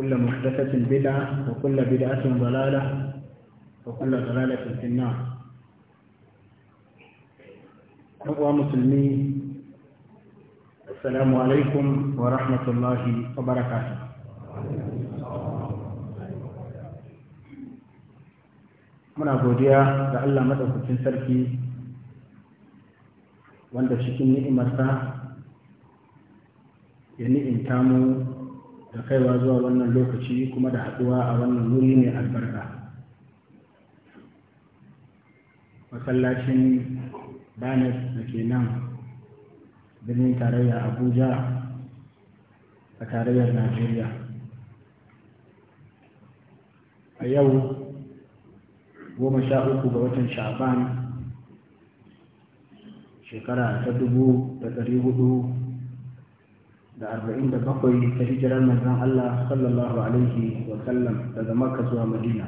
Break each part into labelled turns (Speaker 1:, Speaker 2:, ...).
Speaker 1: كل محدثة بدعة وكل بدعة ضلالة وكل ضلالة في النار أخوة مسلمين السلام عليكم ورحمة الله وبركاته من أبوديا لألا مدى madaukakin sarki wanda cikin ni'imarsa يعني إن كانوا da kaiwa zuwa wannan lokaci kuma da haɗuwa a wannan wuri ne albarka masallacin banet da ke nan birnin tarayya abuja a tarayyar najeriya a yau goma sha uku ga watan sha'ban shekara ta dubu da ɗari hudu da arba'in da bakwai ta hijirar manzon Allah sallallahu alaihi wa daga Makka zuwa Madina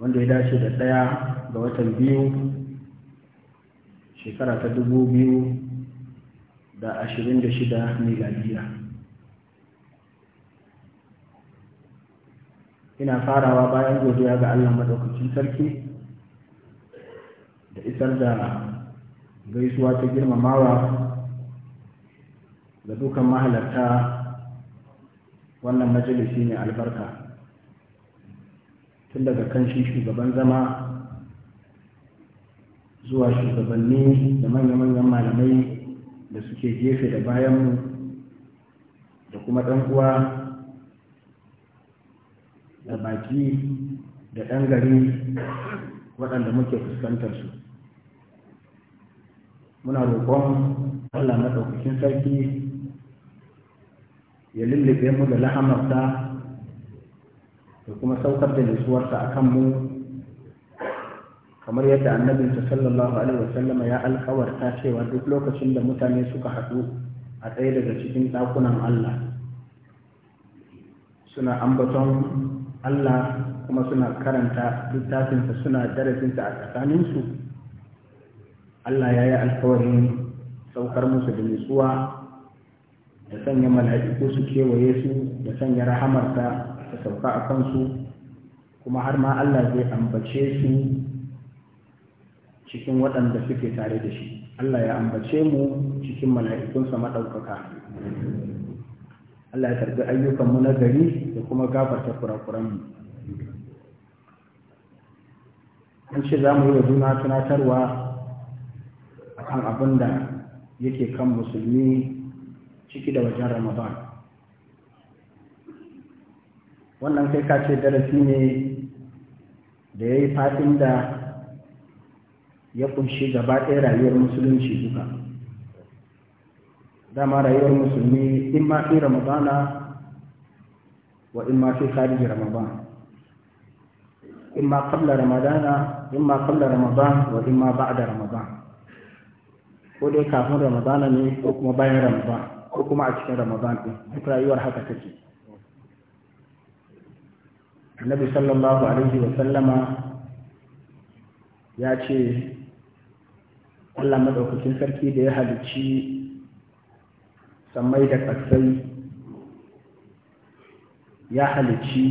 Speaker 1: wanda ya dace da ɗaya ga watan biyu shekara ta dubu biyu da ashirin da shida miladiya ina farawa bayan godiya ga Allah maɗaukacin sarki da isar da gaisuwa ta girmamawa da dukan mahalarta wannan majalisi ne albarka tun daga kanshi shi shugaban zama zuwa shugabanni da manya-manyan malamai da suke gefe da bayanmu da kuma uwa da baki da ɗan gari waɗanda muke fuskantar su muna roƙon allah maɗaukakin sarki ya lullube mu da lahamarsa da kuma saukar da nutsuwarsa a kanmu kamar yadda annabinta sallallahu alaihi sallama ya alkawarta cewa duk lokacin da mutane suka haɗu a ɗaya daga cikin ɗakunan Allah suna ambaton Allah kuma suna karanta littafinsa suna darasinsa a tsakaninsu Allah ya yi alkawarin saukar musu da nutsuwa da sanya mala'iku su kewaye su da sanya rahamarta ta sauka a kansu kuma har ma Allah zai ambace su cikin waɗanda suke tare da shi Allah ya ambace mu cikin mala'ikunsa maɗaukaka Allah ya karbi ayyukanmu na gari da kuma gafarta kurakuranmu an ce za mu yi wa juna tunatarwa kan abin da yake kan musulmi ciki da wajen ramadan wannan kai ka ce darasi ne da ya yi fatin da ya kunshi gaba ɗaya rayuwar musulunci duka dama rayuwar musulmi in ma fi ramadana wa in ma fi kharij ramadan in ma qabla ramadana in ma qabla ramadan wa in ma ba'da ramadan ko dai kafin ramadana ne ko kuma bayan ramadan ko kuma a cikin ramadan ɗin duk rayuwar haka take annabi sallallahu alaihi wa sallama ya ce allah madaukakin sarki da ya halicci sammai da ƙasai ya halicci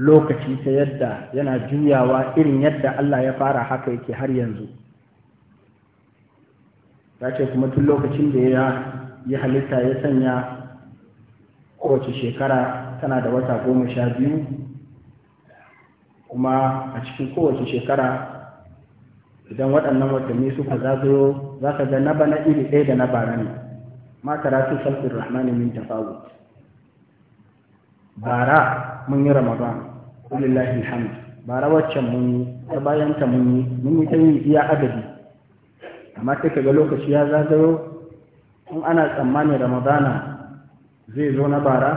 Speaker 1: lokaci ta yadda yana juyawa irin yadda allah ya fara haka yake har yanzu ta ce kuma tun lokacin da ya yi halitta ya sanya kowace shekara tana da wata goma sha biyu kuma a cikin kowace shekara idan waɗannan watanni suka zagayo za ka ga na bana iri ɗaya da na bara ne ma karatu salfin rahmani min tafawu bara mun yi ramadan kulillahi alhamd bara waccan mun yi ta bayan ta mun yi mun yi ta yi iya adadi amma sai ka ga lokaci ya zagayo in ana tsammanin ramadana zai zo na bara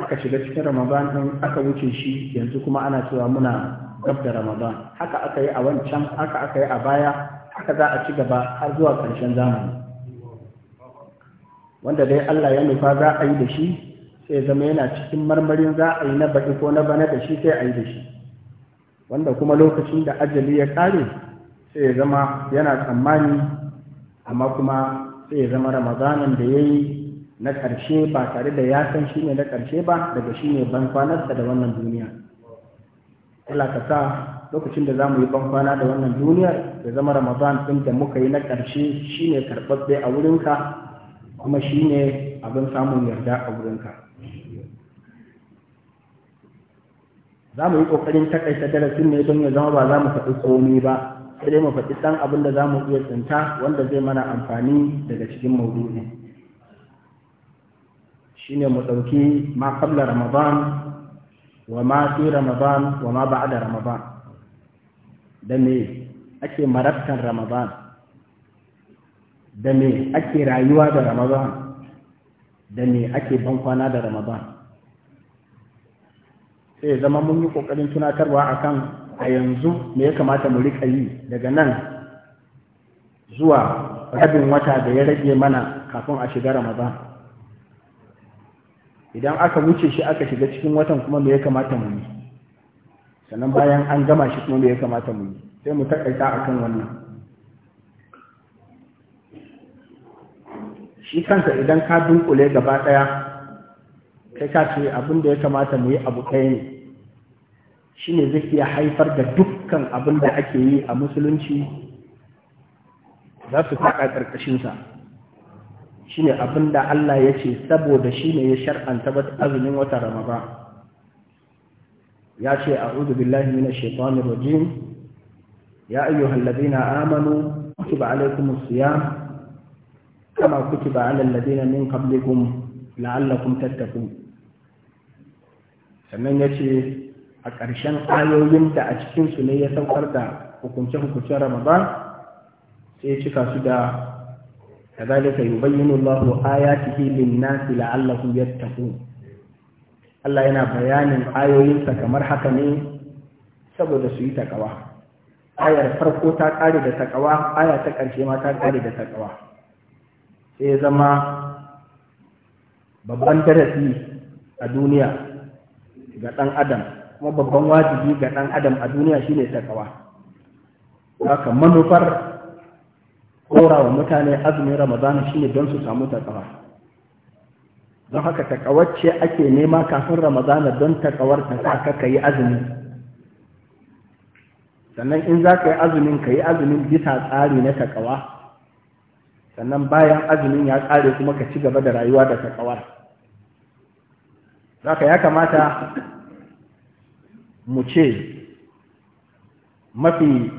Speaker 1: aka shiga cikin ramadan in aka wuce shi yanzu kuma ana cewa muna gab da ramadan haka aka yi a wancan haka aka yi a baya haka za a ci gaba har zuwa ƙarshen zamani wanda dai allah ya nufa za a yi da shi sai zama yana cikin marmarin za a yi na baɗi ko na bana da shi sai a yi da shi wanda kuma lokacin da ajali ya ƙare sai ya zama yana tsammani amma kuma sai ya zama ramadanin da ya yi na ƙarshe ba tare da ya san shi ne na ƙarshe ba daga shi ne bankwanarsa da wannan duniya Allah ka sa lokacin da za mu yi bankwana da wannan duniyar ya zama ramadan ɗin da muka yi na ƙarshe shi ne karɓaɓɓe a wurinka kuma shi ne abin samun yarda a wurinka za mu yi ƙoƙarin takaita darasin ne don ya zama ba za mu faɗi komi ba sai dai mu faɗi ɗan abin da za mu iya tsinta wanda zai mana amfani daga cikin maudu'i shine mu ɗauki ma qabla ramadan wa ma fi ramadan wa ma ba'da ramadan da me ake marabtan ramadan da me ake rayuwa da ramadan da me ake bankwana da ramadan sai zama mun yi ƙoƙarin tunatarwa akan a yanzu me ya kamata mu rika yi daga nan zuwa rabin wata da ya rage mana kafin a shiga ramadan idan aka wuce shi aka shiga cikin watan kuma me ya kamata mu yi sannan bayan an gama shi kuma me ya kamata mu yi sai mu takaita akan wannan shi kansa idan ka dunkule gaba daya kai ka ce abin da ya kamata mu yi abu ɗaya ne shine zai iya haifar da dukkan abin da ake yi a musulunci za su faɗa ƙarƙashinsa ne abin da Allah ya ce saboda shi ne ya shar'anta ba azumin wata ba. ya ce a'udhu billahi mina shekwani rojin ya ayyuhal ladina amanu ba alaykumus siyam kama ba alal na min qablikum la'allakum tattaqun sannan ce. a ƙarshen ayoyin da a cikinsu ne ya saukar da hukunce-hukuncen ramadan sai ya cika su da كذلك يبين الله آياته للناس لعلهم يتقون Allah yana bayanin ayoyinsa kamar haka ne saboda su yi takawa ayar farko ta kare da takawa aya ta ƙarshe ma ta ƙare da takawa sai ya zama babban darasi a duniya ga ɗan adam kuma babban wajibi ga ɗan adam a duniya shine takawa haka manufar kora wa mutane azumin ramadana shine don su samu takawa don haka takawacce ake nema kafin ramadana don takawar ta sa ka yi azumi sannan in za ka yi azumin ka yi azumin bisa tsari na takawa sannan bayan azumin ya ƙare kuma ka ci gaba da rayuwa da takawar. ka ya kamata mu ce mafi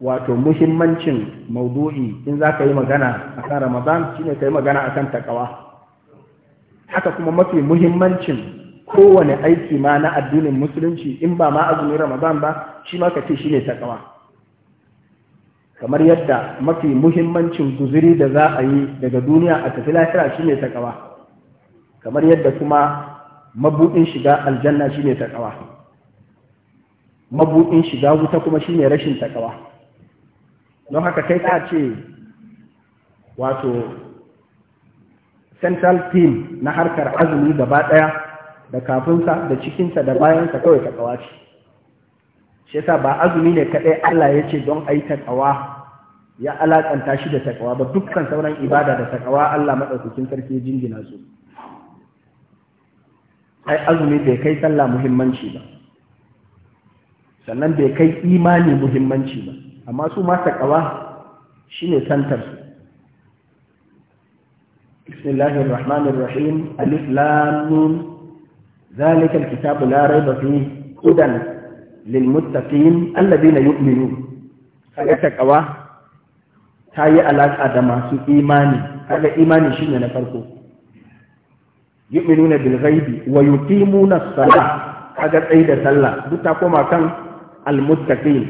Speaker 1: wato muhimmancin maudu'i in za ka yi magana a kan ramadan ne ka yi magana a kan takawa haka kuma mafi muhimmancin kowane aiki ma na addinin musulunci in ba ma azumin ramadan ba shi ma ka ce ne takawa kamar yadda mafi muhimmancin guziri da za a yi daga duniya a tafi lahira ne takawa kamar yadda kuma mabudin shiga aljanna shine takawa mabudin shiga wuta kuma shine rashin takawa don haka kai ka ce wato central team na harkar azumi gaba daya da kafinsa da cikinsa da bayansa kawai takawa ce shi yasa ba azumi ne kadai Allah ya ce don ayi takawa ya alakanta shi da takawa ba dukkan sauran ibada da takawa Allah madaukakin sarki jingina su ai azumi bai kai sallah muhimmanci ba sannan bai kai imani muhimmanci ba amma su masa kawa shine santar su bismillahir rahmanir rahim alif lam mim zalika alkitabu la rayba fihi hudan lil muttaqin alladhina yu'minun kaga takawa ta yi alaka da masu imani kaga imani shine na farko yu'minuna bil ghaibi wa yuqimuna as-salah kaga tsayi da sallah duk ta koma kan al-muttaqin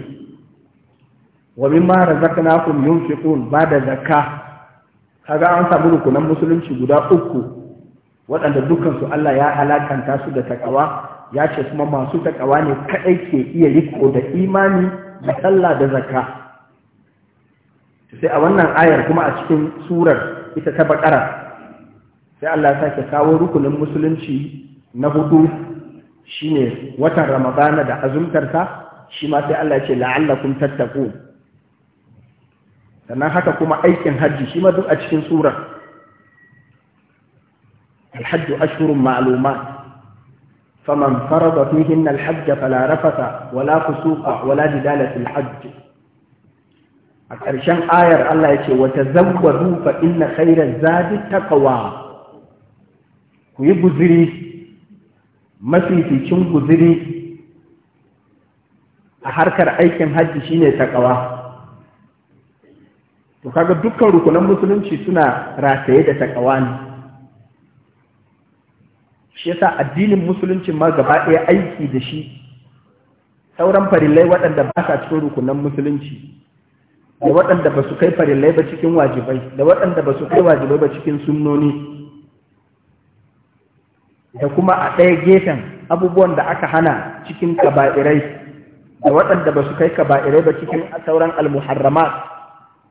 Speaker 1: wa mimma razaqnakum yunfiqun bada zakka kaga an samu rukunan musulunci guda uku waɗanda dukkan su Allah ya alakanta su da takawa ya ce kuma masu takawa ne kaɗai ke iya riko da imani da sallah da zakka sai a wannan ayar kuma a cikin surar ita ta bakara sai Allah ya ke kawo rukunin musulunci na hudu shine watan ramadana da azumtarsa shi ma sai Allah ya ce la'allakum tattaqun sannan haka kuma aikin hajji shi ma duk a cikin sura الحج أشهر معلومات فمن فرض فيهن الحج فلا رفث ولا فسوق ولا جدال في الحج a ƙarshen ayar Allah ya ce wata zawwadu fa inna khairaz zadi taqwa ku yi guziri mafificin guziri a harkar aikin hajji shine takawa to kaga dukkan rukunan musulunci suna rataye da takawa ne shi yasa addinin musulunci ma gaba ɗaya aiki da shi sauran farillai waɗanda ba sa cikin rukunan musulunci da waɗanda ba su kai farillai ba cikin wajibai da waɗanda ba su kai wajibai ba cikin sunnoni da kuma a ɗaya gefen abubuwan da aka hana cikin kaba'irai da waɗanda ba su kai kaba'irai ba cikin sauran almuharramat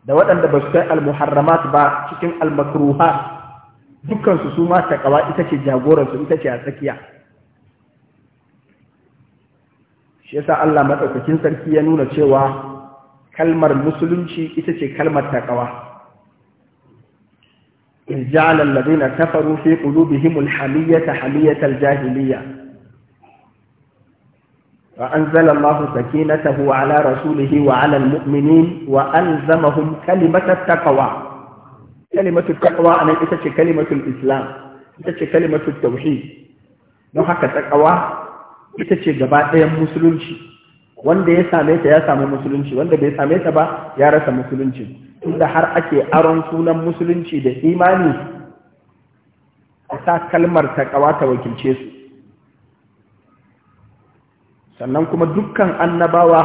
Speaker 1: da waɗanda ba su kai almuharramat ba cikin almakruha dukkansu su ma takawa ita ce jagoransu ita ce a tsakiya shi yasa Allah madaukakin sarki ya nuna cewa kalmar musulunci ita ce kalmar takawa جعل الذين كفروا في قلوبهم الحمية حمية الجاهلية وأنزل الله سكينته على رسوله وعلى المؤمنين وألزمهم كلمة التقوى كلمة التقوى أنا إتش كلمة الإسلام إتش كلمة التوحيد نحك التقوى إتش جباء مسلمشي wanda ya same ta ya samu musulunci wanda bai same ta ba ya rasa musulunci tunda har ake aron sunan musulunci da imani a sa kalmar taƙawa ta wakilce su sannan kuma dukkan annabawa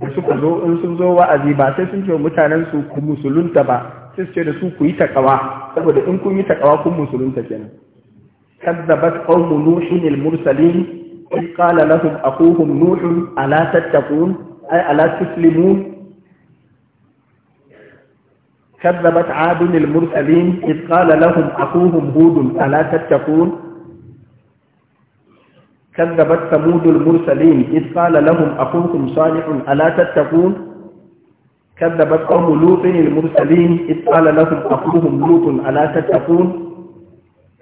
Speaker 1: da suka zo in sun zo wa'azi ba sai sun ce mutanen su ku musulunta ba sai su ce da su ku yi taƙawa saboda in kun yi taƙawa kun musulunta kenan kazzabat qawmu nuhin al-mursalin qala lahum لهم nuhun ala tattaqun ay ala tuslimun كذبت عاد المرسلين إذ قال لهم أخوهم هود ألا تتقون كذبت ثمود المرسلين إذ قال لهم أخوكم صالح ألا تتقون كذبت قوم لوط المرسلين إذ قال لهم أخوهم لوط ألا تتقون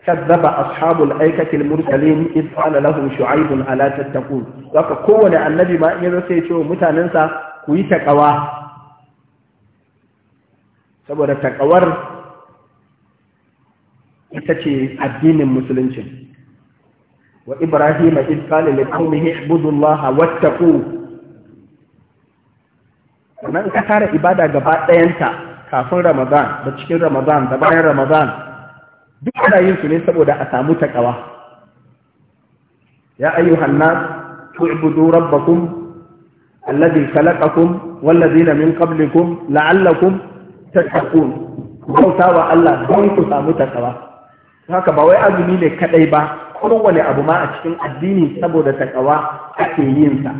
Speaker 1: كذب أصحاب الأيكة المرسلين إذ قال لهم شعيب ألا تتقون وكقوة النبي ما يرسيته متى ننسى كويتك واه saboda takawar ita ce addinin musulunci wa ibrahim iz qala li qaumihi ibudullaha wattaqu sannan ka tara ibada gaba ɗayanta kafin ramadan da cikin ramadan da bayan ramadan duk ana yin su ne saboda a samu takawa ya ayyuhan nas tu'budu rabbakum alladhi khalaqakum wallazina min qablikum la'allakum tattakun bauta wa Allah don ku samu takawa haka ba wai azumi ne kadai ba kowane abu ma a cikin addini saboda takawa ake yin sa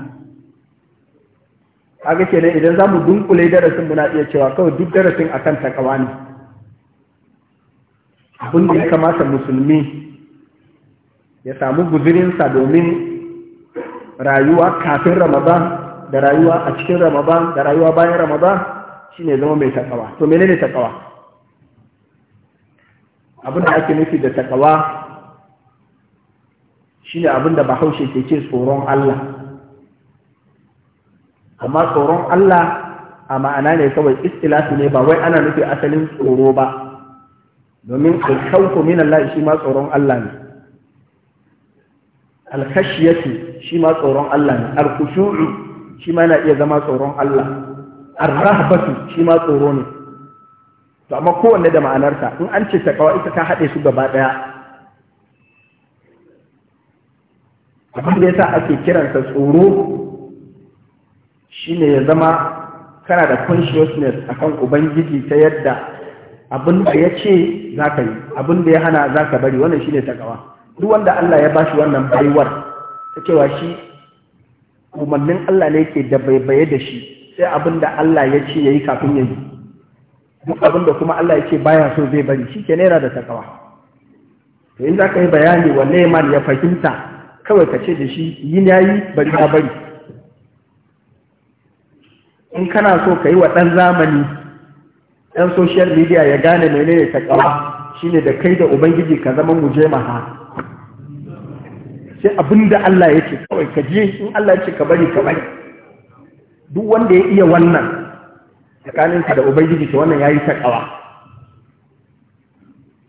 Speaker 1: kenan idan zamu mu dunkule darasin muna iya cewa kawai duk darasin akan takawa ne abin da ya kamata musulmi ya samu guzurinsa domin rayuwa kafin ramadan da rayuwa a cikin ramadan da rayuwa bayan ramadan ne zama mai takawa to menene takawa abin da ake nufi da takawa shine abin da bahaushe ke ce tsoron Allah amma tsoron Allah a ma'ana ne kawai istilafi ne ba wai ana nufi asalin tsoro ba domin ko min Allah shi ma tsoron Allah ne alkashiyatu shi ma tsoron Allah ne alkhushu'u shi ma na iya zama tsoron Allah ar-rahbatu shi ma tsoro ne to amma kowanne da ma'anarsa in an ce takawa ita ta haɗe su gaba ɗaya abin da yasa ake kiransa tsoro shine ya zama kana da consciousness akan ubangiji ta yadda abin da ya ce za ka yi abin da ya hana za ka bari wannan shine takawa duk wanda Allah ya bashi wannan baiwar ta cewa shi umarnin Allah ne ke da baibaye da shi sai abin da Allah ya ce ya yi kafin ya yi duk abin da kuma Allah ya ce baya so zai bari shi ke naira da takawa to yin za ka yi bayani wa neman ya fahimta kawai ka ce da shi yi na yi bari na bari in kana so ka yi wa ɗan zamani ɗan social media ya gane menene takawa ne da kai da ubangiji ka zama maha. sai abin da Allah ya ce kawai ka je in Allah ya ce ka bari ka bari duk wanda ya iya wannan tsakaninsa da ubangiji ta wannan ya yi takawa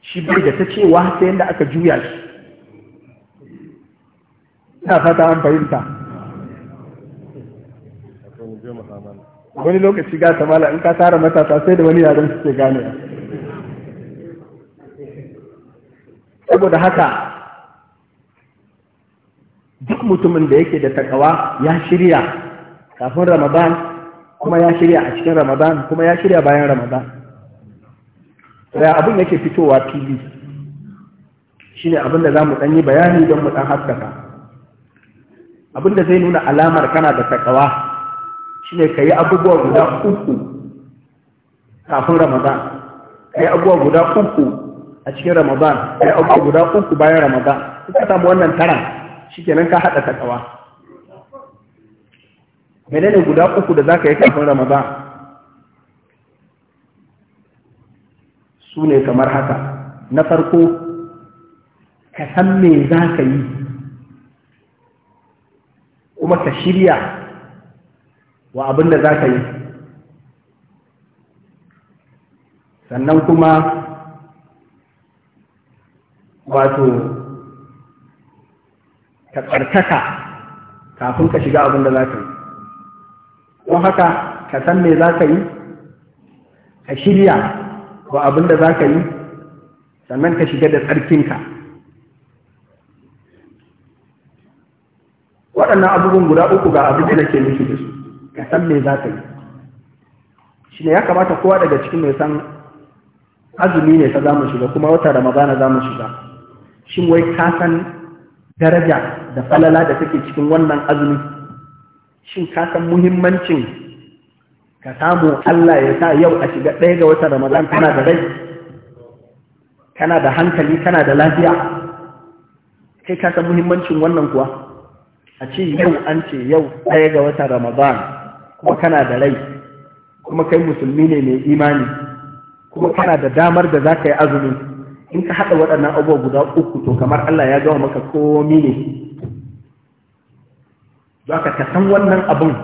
Speaker 1: shi bai da ta cewa sai yadda aka juya shi ina fata an fahimta wani lokaci ga samala in ka tara matasa sai da wani yaren suke gane saboda haka duk mutumin da yake da takawa ya shirya kafin ramadan kuma ya shirya a cikin ramadan kuma ya shirya bayan ramadan da abin yake fitowa fili shine abin da za mu ɗanyi bayani don mu ɗan haskaka abin da zai nuna alamar kana da takawa shine ka yi abubuwa guda uku kafin ramadan ka yi abubuwa guda uku a cikin ramadan ka yi abubuwa guda uku bayan ramadan ka samu wannan tara kenan ka haɗa takawa menene guda uku da zaka yi kafin ramadan su ne kamar haka na farko ka san me za ka yi kuma ka shirya wa abin da za ka yi sannan kuma wato ka tsarkaka kafin ka shiga abin da za ka yi don haka ka san me za ka yi ka shirya wa abin da za ka yi sannan ka shiga da tsarkinka waɗannan abubuwan guda uku ga abin da ke nufi da su ka san me za ka yi shi ne ya kamata kowa daga cikin mai san azumi ne ta zamu shiga kuma wata ramadana za mu shiga shin wai ka san daraja da falala da take cikin wannan azumi shin ka san muhimmancin ka samu Allah ya sa yau a shiga ɗaya ga wata Ramadan kana da rai kana da hankali kana da lafiya kai ka san muhimmancin wannan kuwa a ce yau an ce yau ɗaya ga wata Ramadan kuma kana da rai kuma kai musulmi ne mai imani kuma kana da damar da za ka yi azumi in ka haɗa waɗannan abubuwa guda uku to kamar Allah ya gawa maka komi ne za ka san wannan abin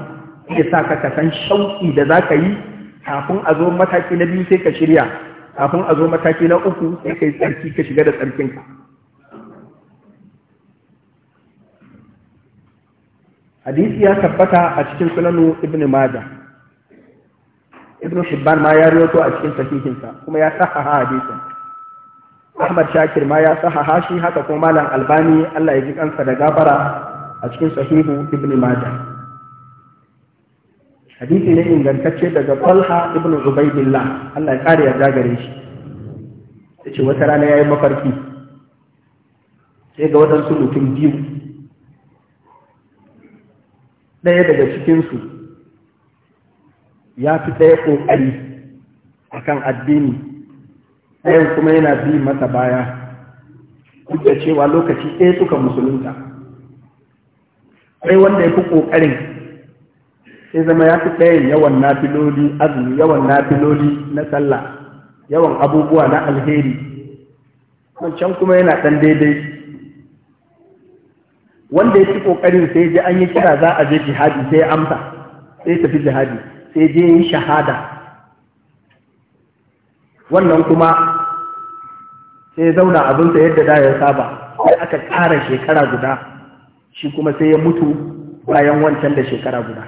Speaker 1: ya sa ka san shauƙi da za ka yi kafin a zo mataki na biyu sai ka shirya kafin a zo mataki na uku sai ka yi tsarki ka shiga da tsarkinka hadisi ya tabbata a cikin sunanu ibn maja ibn shibban ma ya riwato a cikin sahihinsa kuma ya sahaha hadisin ahmad shakir ma ya sahaha shi haka kuma malam albani allah ya ji kansa da gafara a cikin sahihu ibn majah hadisi ne ingantacce daga talha ibn ubaidillah Allah ya kare ya gare shi yace wata rana yayi mafarki sai ga wadansu mutum biyu ɗaya daga cikinsu ya fi ɗaya ƙoƙari a kan addini ɗayan kuma yana bi masa baya duk da cewa lokaci ɗaya suka musulunta sai wanda ya fi ƙoƙarin sai zama ya fi ɗayan yawan nafiloli azumi yawan nafiloli na sallah yawan abubuwa na alheri wancan kuma yana ɗan daidai wanda ya fi ƙoƙarin sai ji an yi kira za a je jihadi sai ya amsa sai tafi jihadi sai je yin shahada wannan kuma sai zauna abinsa yadda da ya saba sai aka ƙara shekara guda shi kuma sai ya mutu bayan wancan da shekara guda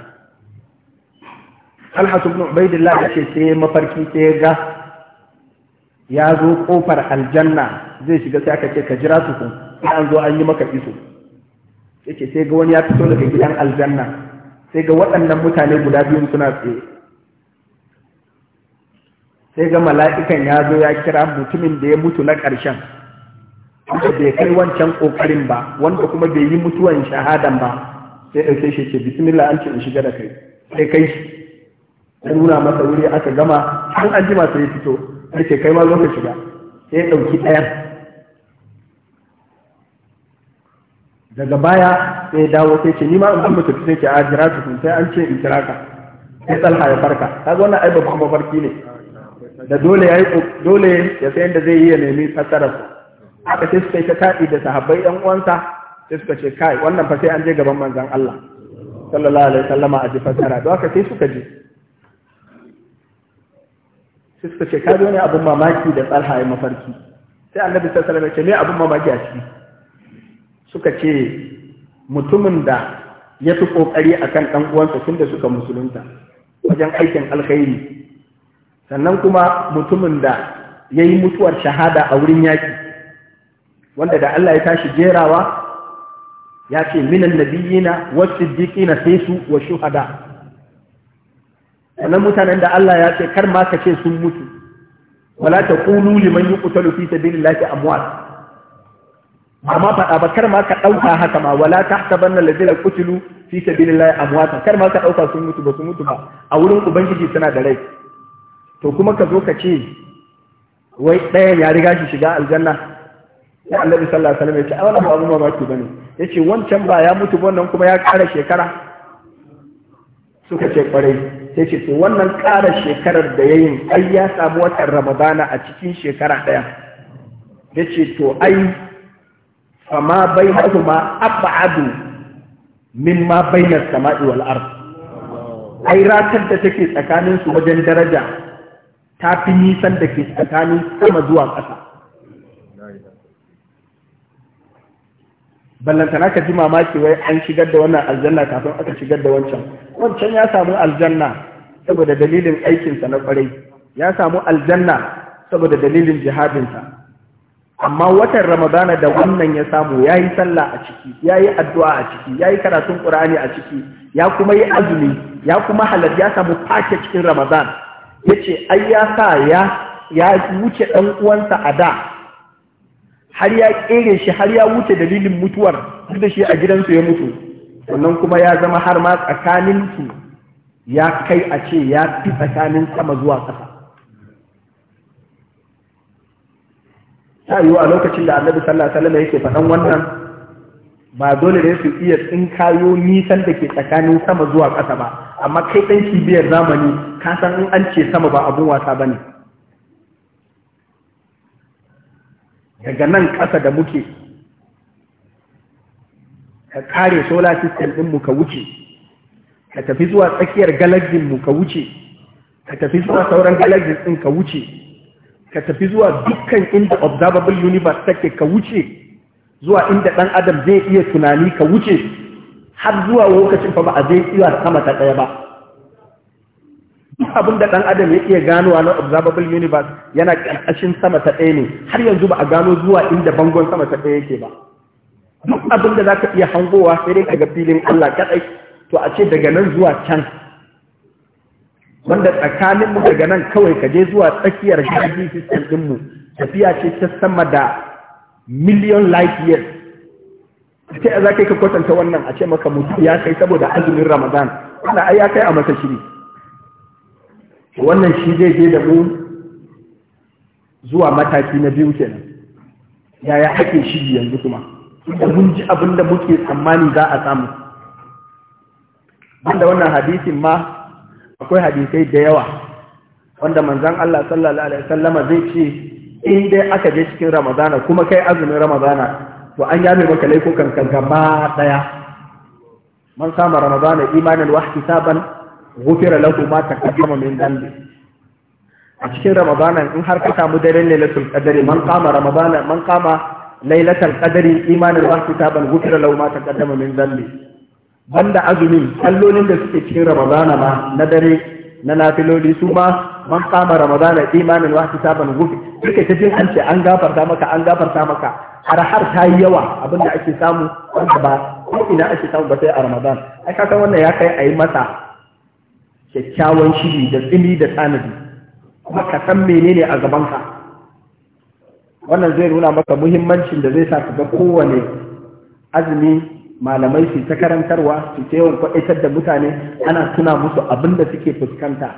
Speaker 1: alhassu ibn ubaidillah ya ce sai mafarki sai ya ga ya zo kofar aljanna zai shiga sai aka ce ka jira su kun sai an zo an yi maka iso yake sai ga wani ya fito daga gidan aljanna sai ga waɗannan mutane guda biyu suna tsaye sai ga mala'ikan ya zo ya kira mutumin da ya mutu na ƙarshen wanda bai kai wancan kokarin ba wanda kuma bai yi mutuwan shahadan ba sai ɗauke shi ce bismillah an ce in shiga da kai sai kai shi ya nuna masa wuri aka gama an an jima sai ya fito sai ce kai ma zo ka shiga sai ya ɗauki ɗayan daga baya sai ya dawo sai ce ni ma in ban mutu sai ce a jira su sai an ce in kira ka sai tsalha ya farka kaga wannan ai babban mafarki ne da dole ya dole ya san da zai yi ya nemi tsakarar aka ce suka yi ta kaɗi da sahabbai ɗan uwansa sai suka ce kai wannan fa sai an je gaban manzon Allah sallallahu alaihi wasallam a ji fasara don haka sai suka je sai suka ce kai ne abin mamaki da tsalha ya mafarki sai annabi sallallahu alaihi wasallam ya ce me abin mamaki a ciki suka ce mutumin da ya fi kokari akan dan uwansa tunda suka musulunta wajen aikin alkhairi sannan kuma mutumin da ya yi mutuwar shahada a wurin yaki. wanda da Allah ya tashi jerawa ya ce minan nabiyina wasiddiqina sai su wa shuhada wannan mutanen da Allah ya ce kar ma ka ce sun mutu wala ta taqulu liman yuqtalu fi sabilillahi amwat amma faɗa ba kar ma ka ɗauka haka ma wala ta tahtabanna alladhina qutilu fi sabilillahi amwata kar ma ka ɗauka sun mutu ba su mutu ba a wurin ubangiji suna da rai to kuma ka zo ka ce wai ɗaya ya riga shi shiga aljanna ya annabi sallallahu alaihi wasallam ya ce ba mamaki bane yace wancan ba ya mutu wannan kuma ya kara shekara suka ce kwarai sai ce wannan kara shekarar da yayin ai ya samu watan ramadana a cikin shekara ɗaya yace to ai fama bainahuma ab'adu mimma bainas sama'i wal ard ai ratar da take tsakanin su wajen daraja ta fi nisan da ke tsakanin sama zuwa ƙasa ballantana ka ji mamaki wai an shigar da wannan aljanna kafin aka shigar da wancan wancan ya samu aljanna saboda dalilin aikinsa na kwarai ya samu aljanna saboda dalilin jihadinsa amma watan ramadana da wannan ya samu ya yi sallah a ciki ya yi addu'a a ciki ya yi karatun ƙur'ani a ciki ya kuma yi azumi ya kuma halar ya samu fake cikin ramadan ya ce ai ya sa ya wuce ɗan uwansa a da har ya ƙere shi har ya wuce dalilin mutuwar duk da shi a gidansu ya mutu wannan kuma ya zama har ma tsakanin su ya kai a ce ya fi tsakanin sama zuwa ƙasa ta a lokacin da annabi sallallahu alaihi wasallam yake faɗan wannan ba dole ne su iya tsinkayo nisan da ke tsakanin sama zuwa ƙasa ba amma kai ɗan kibiyar zamani ka san in an ce sama ba abun wasa ba ne daga nan ƙasa da muke ka kare solar system ɗinmu ka wuce ka tafi zuwa tsakiyar galajinmu ka wuce ka tafi zuwa sauran galajin ɗin ka wuce ka tafi zuwa dukkan inda observable universe take ka wuce zuwa inda ɗan adam zai iya tunani ka wuce har zuwa lokacin fa ba a zai iya sama ta ɗaya ba abin da ɗan adam ya iya gano na observable universe yana ƙarƙashin sama ta ɗaya ne har yanzu ba a gano zuwa inda bangon sama ta ɗaya yake ba duk abin da za ka iya hangowa sai dai daga filin Allah kaɗai to a ce daga nan zuwa can wanda tsakanin daga nan kawai ka je zuwa tsakiyar jirgin system ɗinmu tafiya ce ta sama da million light years sai a za ka kwatanta wannan a ce maka mutum ya kai saboda azumin ramadan wannan ai ya kai a masa shiri wannan shi zai je da mu zuwa mataki na biyu kenan yaya ake shi yanzu kuma inda mun ji abin da muke tsammani za a samu banda wannan hadisin ma akwai hadisai da yawa wanda manzan Allah sallallahu alaihi wasallama zai ce in dai aka je cikin ramadana kuma kai azumin ramadana to an yami maka laifukan ka gaba daya man sama ramadana imanin wa ihtisaban gufira lahu ma taqaddama min dhanbi a cikin ramadana in har ka samu daren lailatul qadari man qama ramadana man qama lailatul qadari imanin wa kitaban gufira lahu ma taqaddama min dhanbi banda azumin kallolin da suke cikin ramadana ma na dare na nafiloli su ma man qama ramadana imanin wa kitaban gufi kike ta jin an ce an gafarta maka an gafarta maka har har ta yi yawa da ake samu wanda ba ko ina ake samu ba sai a ramadan ai kaga wannan ya kai a yi masa kyakkyawan shiri da tsini da tsanadi kuma ka san menene a gaban ka? wannan zai nuna maka muhimmancin da zai sa ka ga kowane azumi malamai su ta karantarwa su ta yawan kwaɗaitar da mutane ana tuna musu abin da suke fuskanta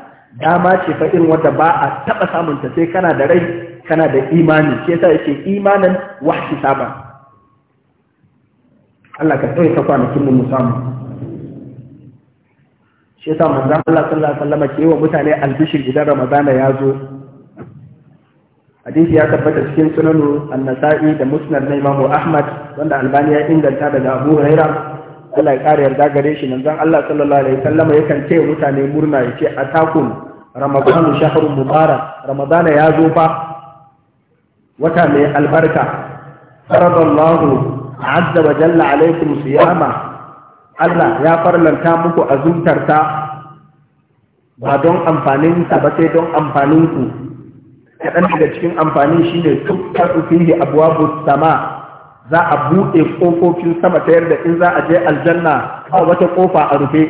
Speaker 1: dama ce fa irin wanda ba a taɓa samunta sai kana da rai kana da imani ke sa yake imanin wahshi saba Allah ka tsaye ta kwanakin mu samu. shi yasa manzon Allah sallallahu alaihi wasallam ke wa mutane albishir idan ramadana ya zo hadisi ya tabbata cikin sunanu an-nasa'i da musnad na imamu ahmad wanda albani ya inganta daga abu huraira Allah ya kare yarda gare shi manzon Allah sallallahu alaihi wasallam yakan ce mutane murna yace atakum ramadan shahrun mubarak ramadana ya zo fa wata mai albarka faradallahu azza wa jalla alaikum siyama Allah ya farlanta muku a zuntarta ba don amfanin ba sai don amfanin ku kaɗan daga cikin amfanin shi ne shine tukar fihi abwabu sama za a buɗe ƙofofin sama ta yadda in za a je aljanna ba wata ƙofa a rufe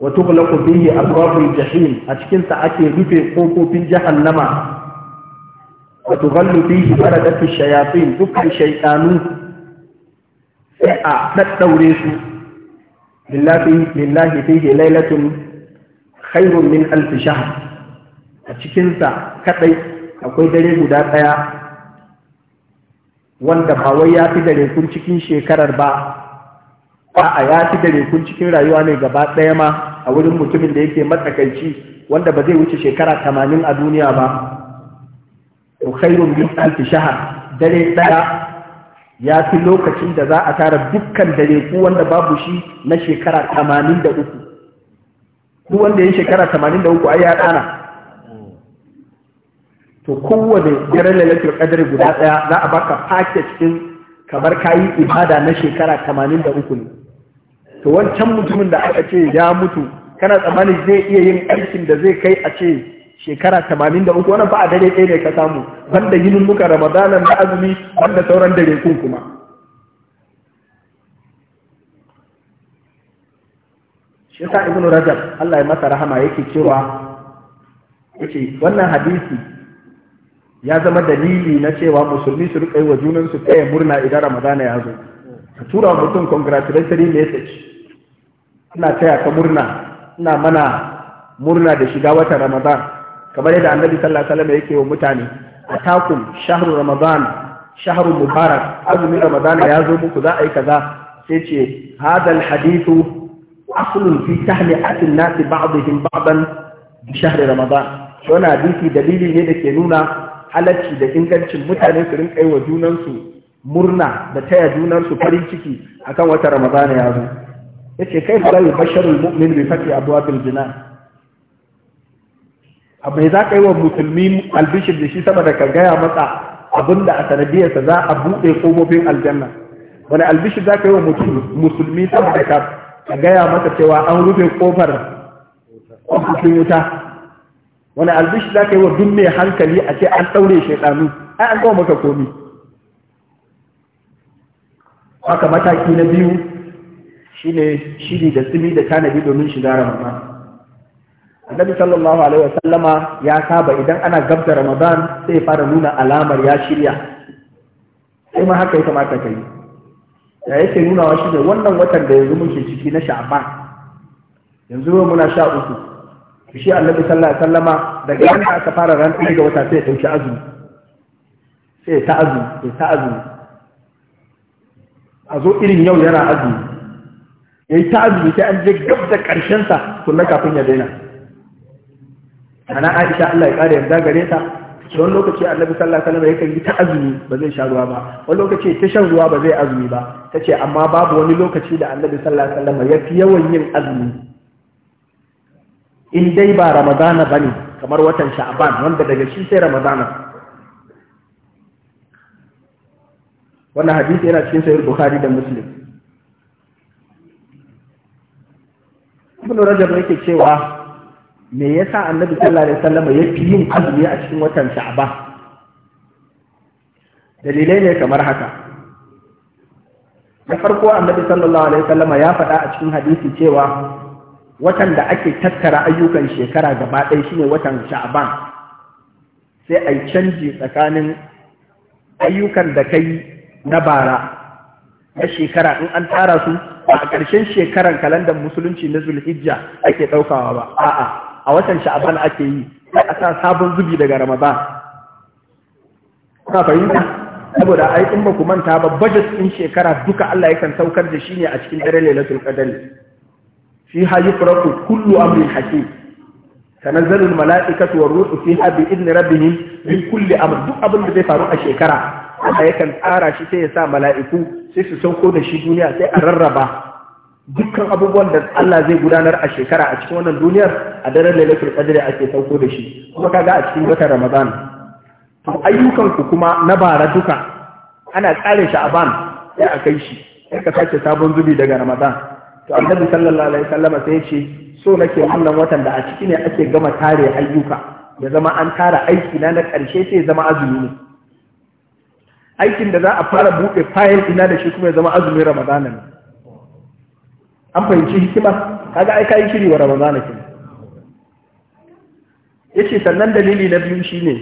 Speaker 1: wa tughlaqu fihi abwabul jahim a cikin ake rufe ƙofofin jahannama wa tughallu fihi baradatu shayatin dukkan shaytanu sai a ɗaɗɗaure su lillahi lillahi fihi lailatun khairun min alfi a cikinsa kaɗai akwai dare guda ɗaya wanda ba wai ya fi dare kun cikin shekarar ba a ya fi dare kun cikin rayuwa ne gaba ɗaya ma a wurin mutumin da yake matsakaici wanda ba zai wuce shekara tamanin a duniya ba to khairun min dare ɗaya ya fi lokacin da za a tara dukkan dare ku wanda babu shi na shekara 83 uku. wanda ya shekara 83 ai ya dana to kowane daren lalatar ƙadar guda daya za a baka package din kamar kayi ibada na shekara 83 ne to wancan mutumin da aka ce ya mutu kana tsammanin zai iya yin aikin da zai kai a ce shekara tamanin da uku wannan fa a dare ɗaya ne ka samu banda yinin muka ramadanan da azumi banda sauran dare kun kuma shekara ibn rajab Allah ya masa rahama yake cewa yake wannan hadisi ya zama dalili na cewa musulmi su rika yi wa junan su taya murna idan ramadana ya zo ka tura mutum congratulatory message ina taya ka murna ina mana murna da shiga wata Ramadana. kamar yadda annabi sallallahu alaihi wasallam yake wa mutane atakum shahru ramadan shahru mubarak azumin ramadan ya zo muku za a yi kaza sai ce hadal hadithu aslun fi tahli'atin nasi ba'dihim ba'dan bi shahri ramadan wannan hadisi dalili ne da ke nuna halacci da ingancin mutane su rinka yi wa junansu murna da taya junansu farin ciki akan watan ramadana ya zo yace kai fa la yubashsharu al-mu'min bi fati abwabil jinan mai za ka yi wa musulmi albishir da shi sama da ka gaya masa abin da a sanadiyarsa za a buɗe komofin aljanna wani albishir za ka yi wa musulmi sama da ka gaya masa cewa an rufe kofar ofishin wuta wani albishir za ka yi wa duk mai hankali a ce an ɗaure shaidanu ai an gama maka komi haka mataki na biyu shine shiri da tsimi da tanadi domin shiga ramadan annabi sallallahu alaihi sallama ya saba idan ana gabta ramadan sai fara nuna alamar ya shirya sai ma haka ya kamata ka yi da yake nunawa shi ne wannan watan da yanzu muke ciki na sha'ban yanzu muna sha uku shi annabi sallallahu alaihi sallama daga yanda aka fara ran ɗaya ga wata sai ya ɗauki azumi sai ta azumi sai ta azumi a zo irin yau yana azumi ya yi ta azumi sai an je gab da ƙarshensa na kafin ya daina ana aisha Allah ya kare yarda gare ta shi wani lokaci annabi sallallahu alaihi wasallam yakan yi ta azumi ba zai sha ruwa ba wani lokaci ta shan ruwa ba zai azumi ba ce. amma babu wani lokaci da annabi sallallahu alaihi wasallam fi yawan yin azumi in dai ba ramadana ba ne, kamar watan Sha'aban. wanda daga shi sai ramadana wannan hadisi yana cikin sahih bukhari da muslim ibn rajab yake cewa me yasa annabi sallallahu alaihi wasallam ya fi yin azumi a cikin watan sha'ban dalilai ne kamar haka da farko annabi sallallahu alaihi wasallam ya faɗa a cikin hadisi cewa watan da ake tattara ayyukan shekara gaba ɗaya shine watan sha'ban sai a yi canji tsakanin ayyukan da kai na bara na shekara in an tara su ba a ƙarshen shekaran kalandar musulunci na zulhijja ake ɗaukawa ba a'a a watan sha'aban ake yi sai a sa sabon zubi daga ramadan kuna fahimta saboda ai in ba ku manta ba budget din shekara duka Allah yakan saukar da shi ne a cikin dare lailatul qadr fi hayuqratu kullu amrin hakim tanazzalu al mala'ikatu war ruhu fiha bi idni rabbihim min kulli amr duk abin da zai faru a shekara Allah yakan tsara shi sai ya sa mala'iku sai su sauko da shi duniya sai a rarraba dukkan abubuwan da Allah zai gudanar a shekara a cikin wannan duniyar a daren da lailatul qadri ake sauko da shi kuma kaga a cikin watan ramadan to ayyukan ku kuma na bara duka ana kare shi a ban sai a kai shi sai ka sace sabon zubi daga ramadan to annabi sallallahu alaihi wasallam sai ya ce so nake wannan watan da a ciki ne ake gama tare ayyuka ya zama an tara aiki na na karshe sai zama azumi ne aikin da za a fara buɗe fayil ina da shi kuma ya zama azumin ramadana ne an fahimci hikima kaga ai yi shiri wa ramazana kin yace sannan dalili na biyu shine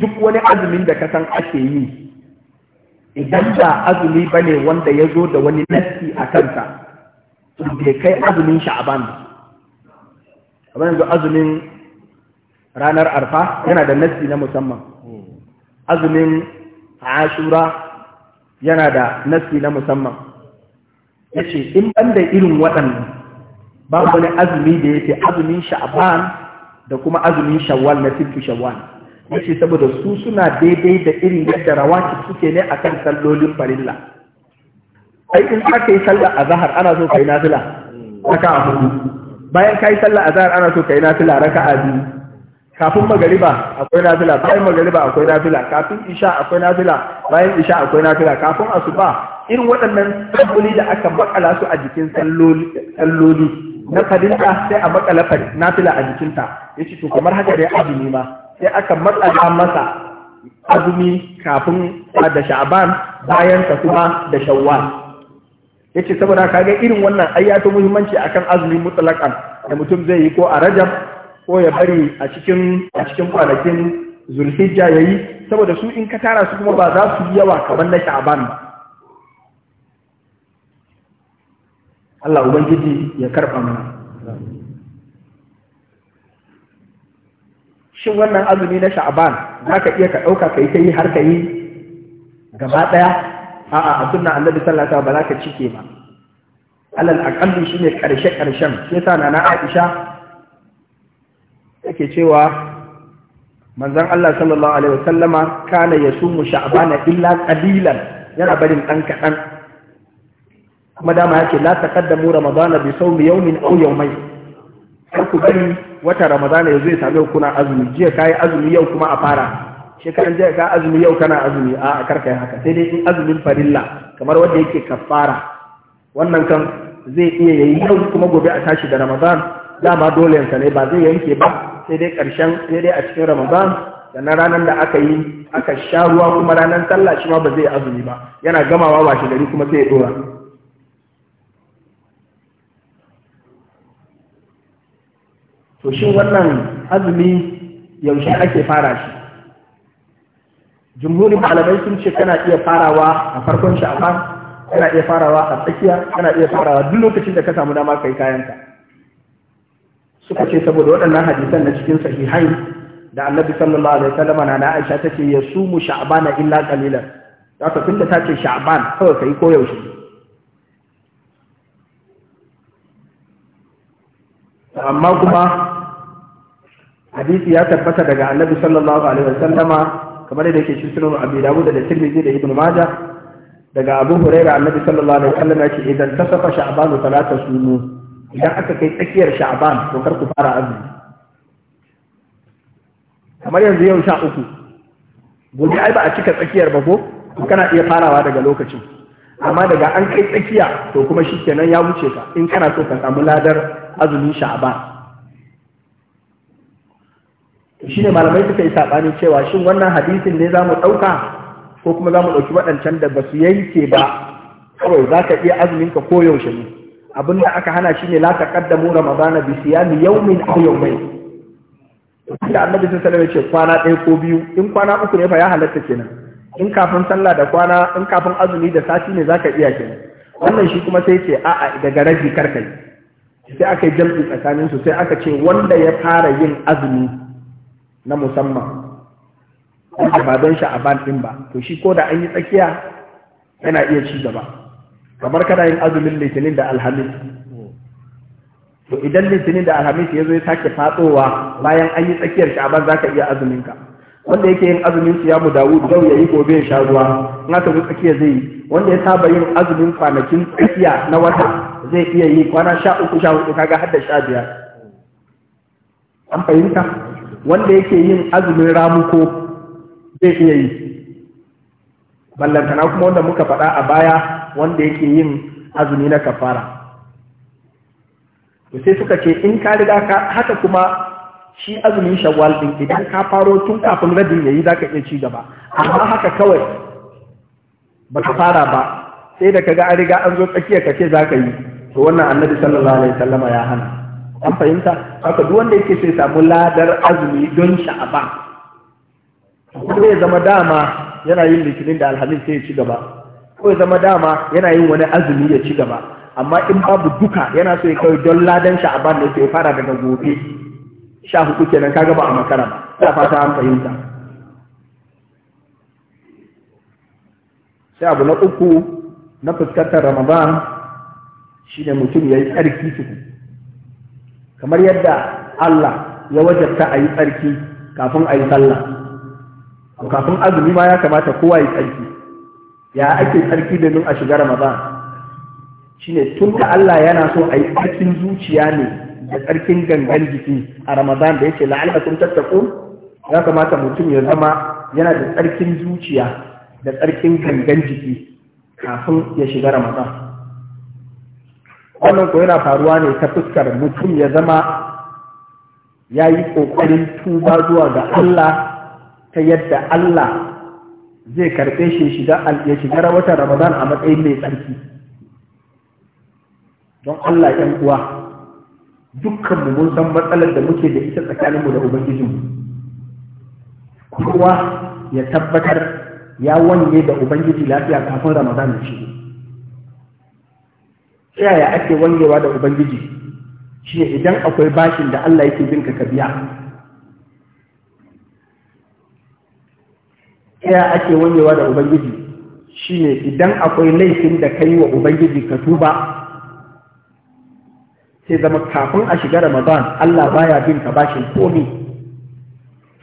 Speaker 1: duk wani azumin da ka san ake yi idan ba azumi bane wanda ya zo da wani nassi a kansa to bai kai azumin sha'aban kamar yanzu azumin ranar arfa yana da nassi na musamman azumin ashura yana da nassi na musamman ya ce in da irin waɗannan ba wani azumi da yake azumin sha'ban da kuma azumin shawwal na sittu shawwal ya ce saboda su suna daidai da irin yadda rawaki suke ne akan sallolin farilla ai in aka yi sallar zahar ana so ka yi nafila raka a hudu bayan yi sallar zahar ana so ka yi nafila raka a biyu kafin magariba akwai nafila bayan magariba akwai nafila kafin isha akwai nafila bayan isha akwai nafila kafin asuba irin waɗannan salloli da aka makala su a jikin salloli na fadinta sai a makala nafila a jikinta ya ce to kamar haka dai azumi ma sai aka makala masa azumi kafin a da sha'aban bayan ka kuma da shawwal ya ce saboda kaga irin wannan ayyata muhimmanci akan azumi mutlaka da mutum zai yi ko a rajab ko ya bari a cikin a cikin kwanakin zulhijja yayi saboda su in ka tara su kuma ba za su yi yawa kamar na sha'aban ba Allah ubangiji ya karɓa mana shin wannan azumi na sha'aban za ka iya ka ɗauka ka yi ta yi har ka yi gaba ɗaya a'a a sunna annabi sallallahu ba za ka cike ba alal aqalli shine karshe karshen sai sa nana Aisha take cewa manzon Allah sallallahu alaihi wasallama kana yasumu sha'bana illa qalilan yana barin dan kadan kuma dama ya ce la taqaddamu ramadana bi sawmi yawmin aw yawmayn kar ku bari wata ramadana yanzu ya same ku azumi jiya kai azumi yau kuma a fara shekaran jiya ka azumi yau kana azumi a kar kai haka sai dai in azumin farilla kamar wanda yake kafara wannan kan zai iya yayi yau kuma gobe a tashi da ramadan dama dole yansa ne ba zai yanke ba sai dai karshen sai dai a cikin ramadan sannan ranar da aka yi aka sha ruwa kuma ranar sallah shi ma ba zai azumi ba yana gamawa washe gari kuma sai ya dora to shin wannan azumi yaushe ake fara shi jumhurin malamai sun ce kana iya farawa a farkon sha'aba kana iya farawa a tsakiya kana iya farawa duk lokacin da ka samu dama kai kayanka suka ce saboda waɗannan hadisan na cikin sahihai da annabi sallallahu alaihi wasallam na na Aisha tace yasumu sha'bana illa qalilan haka tunda ta ce sha'ban kawai kai ko yaushe amma kuma hadisi ya tabbata daga annabi sallallahu alaihi wasallama kamar da yake shi sunan abi dawud da tirmidhi da ibnu maja daga abu hurairah annabi sallallahu alaihi wasallam ya ce idan tasafa sha'ban salata sunu idan aka kai tsakiyar sha'ban to kar ku fara azumi kamar yanzu yau sha uku gobe ai ba a cika tsakiyar ba ko kana iya farawa daga lokacin amma daga an kai tsakiya to kuma shikenan ya wuce ka in kana so ka samu ladar azumin sha'ban shi ne malamai suka yi saɓani cewa shin wannan hadisin ne za mu ɗauka ko kuma za mu ɗauki waɗancan da ba su yanke ba kawai za ka iya azumin ka ko yaushe ne abin da aka hana shi ne la taqaddamu ramadana bi siyami yawmin aw yawmayn da annabi sun alaihi ce kwana ɗaya ko biyu in kwana uku ne fa ya halatta kenan in kafin sallah da kwana in kafin azumi da sati ne zaka iya kenan wannan shi kuma sai ce a a'a daga rabi karkai sai aka yi jam'i tsakanin su sai aka ce wanda ya fara yin azumi na musamman wanda ba don sha'aban ɗin ba to shi ko da an yi tsakiya yana iya ci gaba kamar kana yin azumin litinin da alhamis to idan litinin da alhamis ya zo ya sake fatsowa bayan an yi tsakiyar sha'aban za ka iya azuminka wanda yake yin azumin siyamu dawud yau ya yi gobe ya sha ruwa in aka zo tsakiya zai yi wanda ya saba yin azumin kwanakin tsakiya na wata zai iya yi kwana sha uku sha hudu kaga har da sha biyar an fahimta wanda yake yin azumin ramuko zai iya yi ballantana kuma wanda muka faɗa a baya wanda yake yin azumi na kafara to sai suka ce in ka riga ka haka kuma shi azumin shawwal din idan ka faro tun kafin rabin yayi zaka iya ci gaba amma haka kawai baka fara ba sai da kaga an riga an zo tsakiya kace zaka yi to wannan annabi sallallahu alaihi wasallama ya hana an fahimta haka duk wanda yake sai samu ladar azumi don sha'aba kuma ya zama dama yana yin litinin da alhamis sai ya ci gaba ko ya zama dama yana yin wani azumi ya ci gaba amma in babu duka yana so ya kawai don ladan sha'aba ne sai fara daga gobe sha hudu kenan kaga ba a makara ba ta fata an fahimta sai abu na uku na fuskantar ramadan shine mutum ya yi tsarki tuku kamar yadda Allah ya wajabta a yi tsarki kafin a yi sallah kafin azumi ma ya kamata kowa ya tsarki ya ake tsarki domin a shiga ramadan shine tun da Allah yana so a yi tsarkin zuciya ne da tsarkin gangan jiki a ramadan da yake la'allakum tattaqun ya kamata mutum ya zama yana da tsarkin zuciya da tsarkin gangan jiki kafin ya shiga ramadan wannan ko yana faruwa ne ta fuskar mutum ya zama ya yi ƙoƙarin tuba zuwa ga Allah ta yadda Allah zai karɓe shi ya shiga rawatan Ramadan a matsayin mai tsarki don Allah ‘yan uwa dukkan mu mun san matsalar da muke da ita tsakaninmu da Ubangijinmu kowa ya tabbatar ya wanye da Ubangiji lafiya kafin Ramadan ya shigo ta yaya ake wangewa da ubangiji shi idan akwai bashin da Allah yake binka ka biya ta yaya ake wangewa da ubangiji shi ne idan akwai laifin da ka yi wa ubangiji ka tuba sai zama kafin a shiga ramadan Allah baya bin ka bashin komi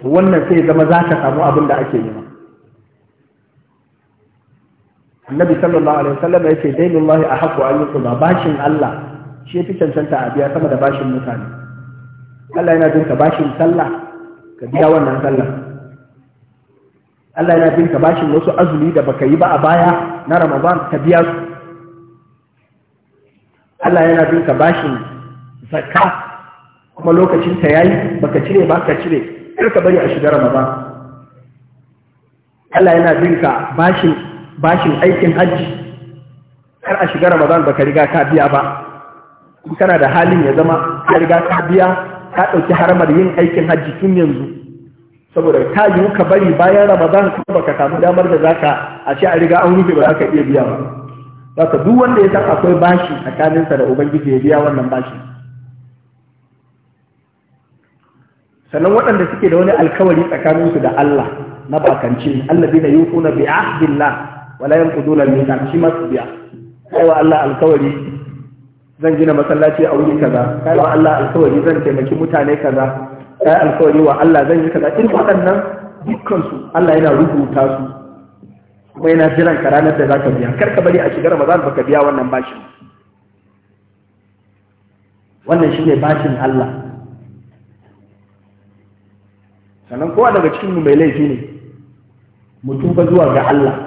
Speaker 1: wannan sai zama za ka samu abin da ake nema annabi sallallahu alaihi wasallam yace dainullahi ahqqu an yuqda bashin Allah shi yafi cancanta a biya sama da bashin mutane Allah yana bin ka bashin sallah ka biya wannan sallah Allah yana bin ka bashin wasu azumi da baka yi ba a baya na Ramadan ka biya su Allah yana bin ka bashin zakka kuma lokacin ta yayi baka cire ba ka cire kar ka bari a shiga Ramadan Allah yana bin ka bashin bashin aikin hajji kar a shiga ramadan baka riga ka biya ba kana da halin ya zama ka riga ka biya ka ɗauki haramar yin aikin hajji tun yanzu saboda ka yi ka bari bayan ramadan kuma baka samu damar da zaka a ce a riga an rufe ba ka iya biya ba ka duk wanda ya san akwai bashi tsakaninsa da ubangiji ya biya wannan bashi sannan waɗanda suke da wani alkawari tsakaninsu da Allah na bakance Allah dina yufuna bi ahdillah wala yanqudun al-miqat shi masu biya kai wa Allah alkawari zan gina masallaci a wuri kaza kai wa Allah alkawari zan taimaki mutane kaza kai alkawari wa Allah zan yi kaza irin waɗannan dukkan su Allah yana rubuta su kuma yana jiran ka ranar da zaka biya kar ka bari a shiga Ramadan baka biya wannan bashin wannan shine bashin Allah sannan kowa daga cikin mu mai laifi ne mu tuba zuwa ga Allah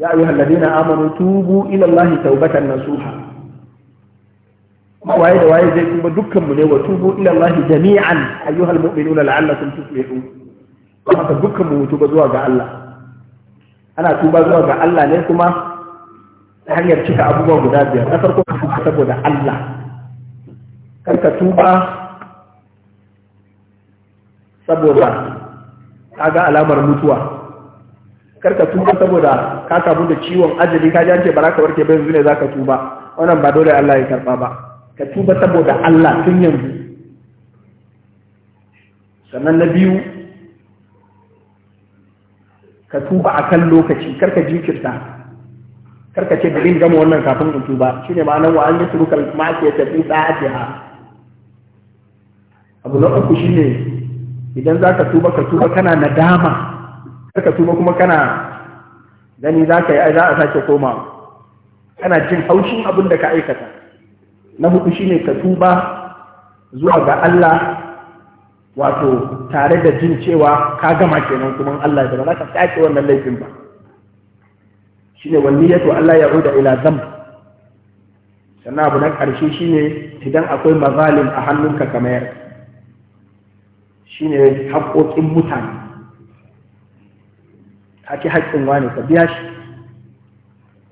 Speaker 1: ya ayyuhal ladina amanu tubu ila allahi taubatan nasuha waye da waye zai kuma dukkan ne wa tubu ila allahi jami'an ayyuhal mu'minuna la'allakum tuflihun haka dukkan mu tuba zuwa ga Allah ana tuba zuwa ga Allah ne kuma ta hanyar cika abubuwa guda biyar na farko ka saboda Allah tuba saboda alamar mutuwa kar ka tuba saboda ka samu da ciwon ajali ka ji an ce ba za ka warke ba yanzu ne za ka tuba wannan ba dole Allah ya karba ba ka tuba saboda Allah tun yanzu sannan na biyu ka tuba a kan lokaci kar ka jinkirta kar ka ce bari gama wannan kafin in tuba ne ma'anar wa an yi turukal tafi fi tsa'atiha abu na uku shine idan za ka tuba ka tuba kana nadama ka tuba kuma kana gani za ka yi za a sake koma kana jin haushin abin da ka aikata na hudu shine ka tuba zuwa ga Allah wato tare da jin cewa ka gama kenan kuma Allah da ba ka sake wannan laifin ba shine yato Allah ya ruda ila zam sannan abu na ƙarshe shine idan akwai mazalim a hannunka kamar shine haƙoƙin mutane Ka ci haƙƙin wani ka biya shi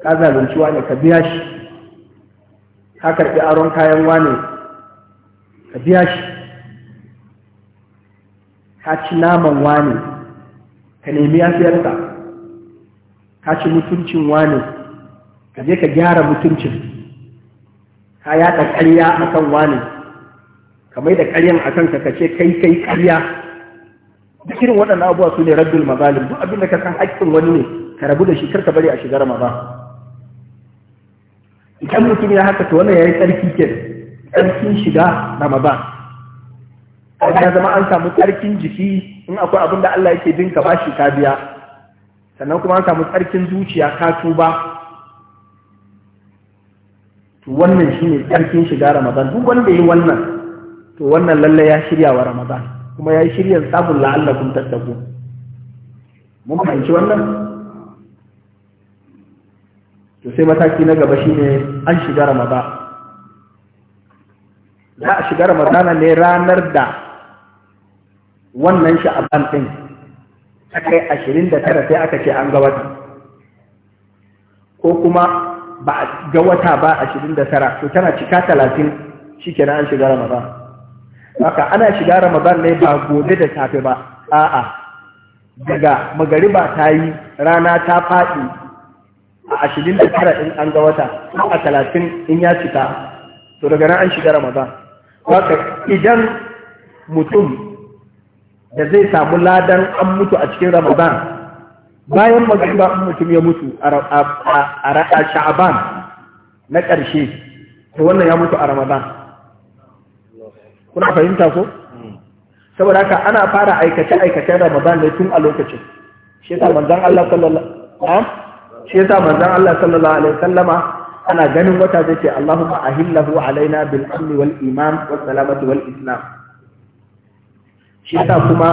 Speaker 1: ka zalunci wani ka biya shi ka karɓi aron kayan wani ka biya shi ka ci naman wani ka nemi yafiyarsa ka ci mutuncin wani ka je ka gyara mutuncin ka yaɗa ƙarya a kan wani ka mai da ƙaryan a kanka ka ce kai kai ƙarya duk irin waɗannan abuwa su ne raddul mazalim duk abin da ka san haƙƙin wani ne ka rabu da shi kar ka bari a shigar maza idan mutum ya haka to wannan yayi tsarki ke tsarkin shiga ramadan ya zama an samu tsarkin jiki in akwai abin da Allah yake bin ka bashi ka biya sannan kuma an samu tsarkin zuciya ka tuba to wannan shine tsarkin shiga ramadan duk wanda yi wannan to wannan lalle ya shirya wa ramadan kuma ya yi shirya samun la'allakun tattaku mun fahimci wannan to sai mataki na gaba shine an shiga ramadan za a shiga ramadana ne ranar da wannan sha'aban ɗin ta kai ashirin da tara sai aka ce an ga wata ko kuma ba a ga wata ba ashirin da tara to tana cika talatin shi kenan an shiga ramadan haka ana shiga ramadan ne ba gobe da safe ba a'a daga magariba ta yi rana ta faɗi a ashirin da tara in an ga wata ko a talatin in ya cika to daga nan an shiga ramadan haka idan mutum da zai samu ladan an mutu a cikin ramadan bayan magariba in mutum ya mutu a sha'aban na ƙarshe to wannan ya mutu a ramadan kuna fahimta ko hmm. saboda haka ana fara aikace aikace Ramadan ne tun a lokacin shi yasa manzon Allah sallallahu alaihi shi yasa manzon Allah sallallahu alaihi wasallama ana ganin wata zai ce Allahumma ahillahu alaina bil amni wal iman was salamati wal islam shi yasa kuma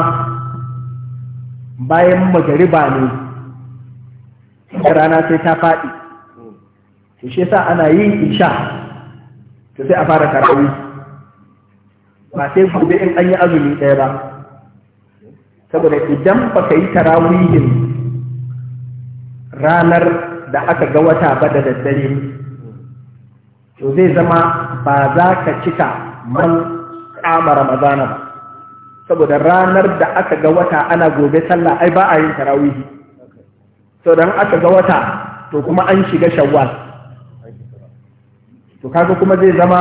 Speaker 1: bayan magariba ne da rana sai ta faɗi hmm. to shi yasa ana yin isha to sai a fara tarawih ba sai gobe in an yi azumi ɗaya ba saboda idan ba ka yi tarawihin ranar da aka ga wata ba da daddare to zai zama ba za ka cika man kama ramadana ba saboda ranar da aka ga wata ana gobe sallah ai ba a yin tarawihi to dan aka ga wata to kuma an shiga shawwal to kaga kuma zai zama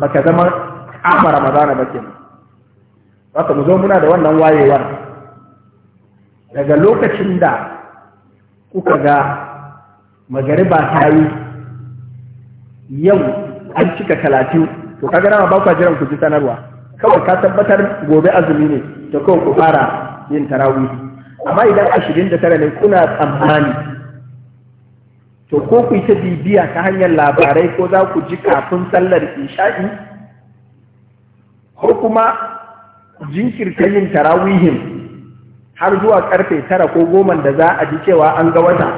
Speaker 1: baka zama kama ramadana ba ke mu zo muna da wannan wayewar daga lokacin da kuka ga magariba ta yi yau an cika talatin to kaga nama ba ku ku ji sanarwa kawai ka tabbatar gobe azumi ne ta kawai ku fara yin tarawih amma idan ashirin da tara ne kuna tsammani to ko ku yi ta bibiya ta hanyar labarai ko za ku ji kafin sallar isha'i ko kuma jinkirta yin tarawihin har zuwa karfe tara ko goma da za a ji cewa an ga wata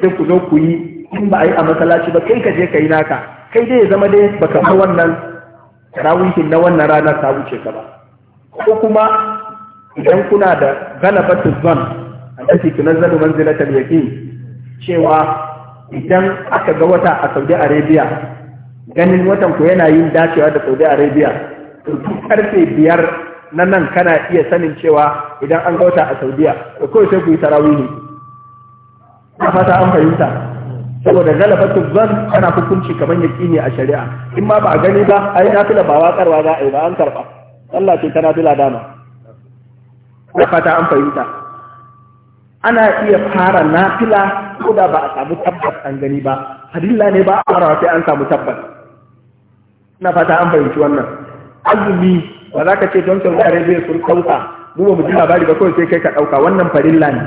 Speaker 1: sai ku zo ku yi in ba a yi a masallaci ba kai ka je ka yi naka kai dai ya zama dai baka bar wannan tarawihin na wannan ranar ta wuce ka ba ko kuma idan kuna da galabatu zan allati tunazzalu manzilatal yaqin cewa idan aka ga wata a Saudi Arabia ganin watan ku yana yin dacewa da Saudi Arabia karfe biyar na nan kana iya sanin cewa idan an gauta a saudiya da kawai sai ku yi tarawihi na fata an fahimta saboda galabatu zan kana hukunci kamar ne a shari'a in ma ba a gani ba ai yi nafila ba watsarwa za a yi ba an karba Allah ce tana fila dama na fata an fahimta ana iya fara nafila ko da ba a samu tabbas an gani ba hadilla ne ba a fara sai an samu tabbas na fata an fahimci wannan azumi ba za ka ce don yare zai sun kauka duba mu ji labari ba kawai sai kai ka ɗauka wannan farilla ne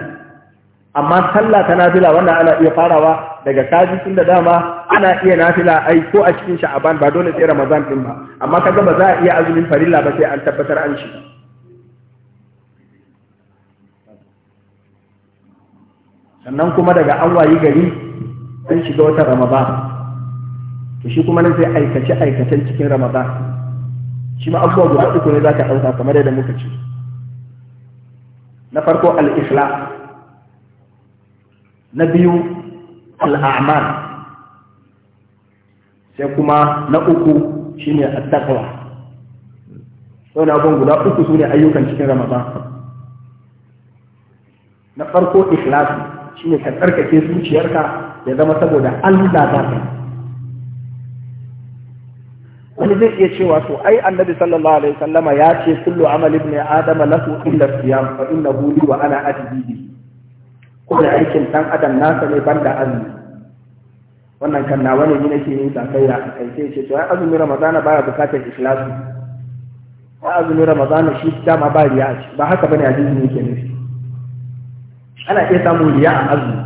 Speaker 1: amma sallah ta nafila wannan ana iya farawa daga kaji tun da dama ana iya nafila ai ko a cikin sha'aban ba dole sai ramadan din ba amma kaga ba za a iya azumin farilla ba sai an tabbatar an shiga sannan kuma daga an wayi gari an shiga wata ramadan to shi kuma nan sai aikace aikacen cikin ramadan shi ma abubuwa guda uku ne za ka ɗauka kamar yadda muka ce na farko al’isla na biyu al'amal sai kuma na uku shi ne Sau na abin guda uku su ne ayyukan cikin ramadan na farko ikhlasi shi ne ka tsarkake zuciyarka ya zama saboda allah za ka wani zai iya cewa to ai annabi sallallahu alaihi wasallama ya ce kullu amal ibn adama lahu illa siyam fa innahu li wa ana Ko kullu aikin dan adam nasa ne banda azumi wannan kan nawa ne nake yin sakayya a kai sai ce to ai azumin ramadana baya bukatar ikhlasi ai azumin ramadana shi dama ba riya ba haka bane hadisi ne ke nufi ana iya samun riya a azumi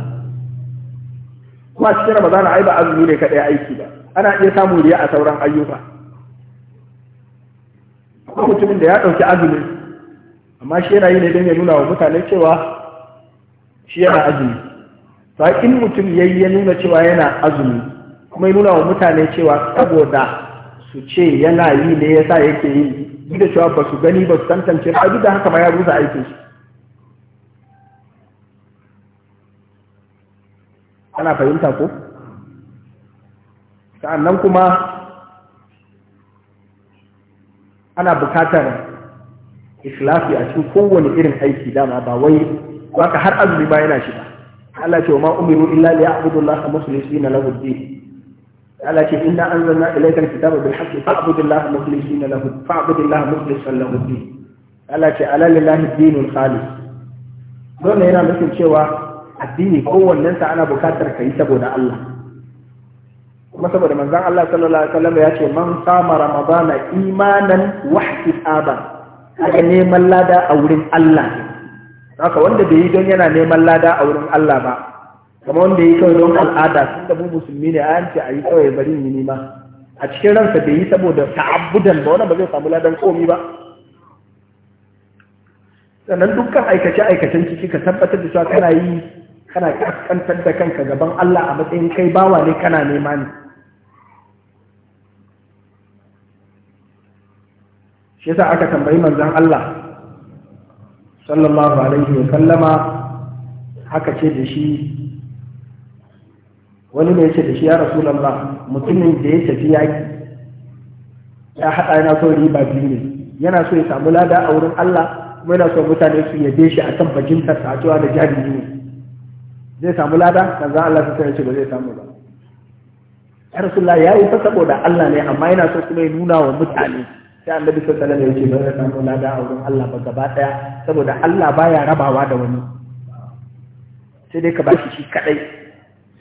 Speaker 1: kuma cikin ramadana ai ba azumi ne kadai aiki ba ana iya samun riya a sauran ayyuka ko mutumin da ya ɗauki azumi amma shi yana yi ne don ya nuna wa mutane cewa shi yana azumi ba in mutum ya yi ya nuna cewa yana azumi kuma ya nuna wa mutane cewa saboda su ce yana yi ne ya sa yake yi duk da cewa ba su gani ba su tantance ba duk da haka ma ya rusa aikin shi ana fahimta ko sa'annan kuma ana bukatar ikhlasi a cikin kowane irin aiki dama ba wai baka har azumi ba yana shiga Allah ce wa ma umiru illa li ya'budu Allah muslimina lahu ad-din Allah ce inna anzalna ilayka al-kitaba bil haqqi fa'budu Allah muslimina lahu fa'budu Allah musliman lahu ad-din Allah ce ala lillahi ad-dinul khalis dole yana nufin cewa addini kowannen sa ana bukatar kai saboda Allah kuma saboda manzan Allah sallallahu alaihi wasallam ya ce man sama ramadana imanan wa ihtisaban Aka neman lada a wurin Allah haka wanda bai yi don yana neman lada a wurin Allah ba kamar wanda yi kawai don al'ada sun da musulmi ne an ce a yi kawai bari yi nima a cikin ransa bai yi saboda ta'abbudan ba wannan ba zai samu ladan komi ba sannan dukkan aikace-aikacen ciki ka tabbatar da cewa kana yi kana kaskantar da kanka gaban Allah a matsayin kai bawa ne kana nema ne shi yasa aka tambayi manzon Allah sallallahu alaihi wa sallama haka ce da shi wani ne ya ce da shi ya rasulullah mutumin da ya tafi yaki ya haɗa yana so riba biyu ne yana so ya samu lada a wurin Allah kuma yana so mutane su yabe shi a akan bajintar satuwa da jari ne zai samu lada kan Allah sai ya ce ba zai samu ba ya rasulullah ya yi fa saboda Allah ne amma yana so kuma ya nuna wa mutane sai annabi sallallahu alaihi wasallam ya ce ba zai samu da a wurin Allah ba gaba daya saboda Allah baya rabawa da wani sai dai ka bashi shi kadai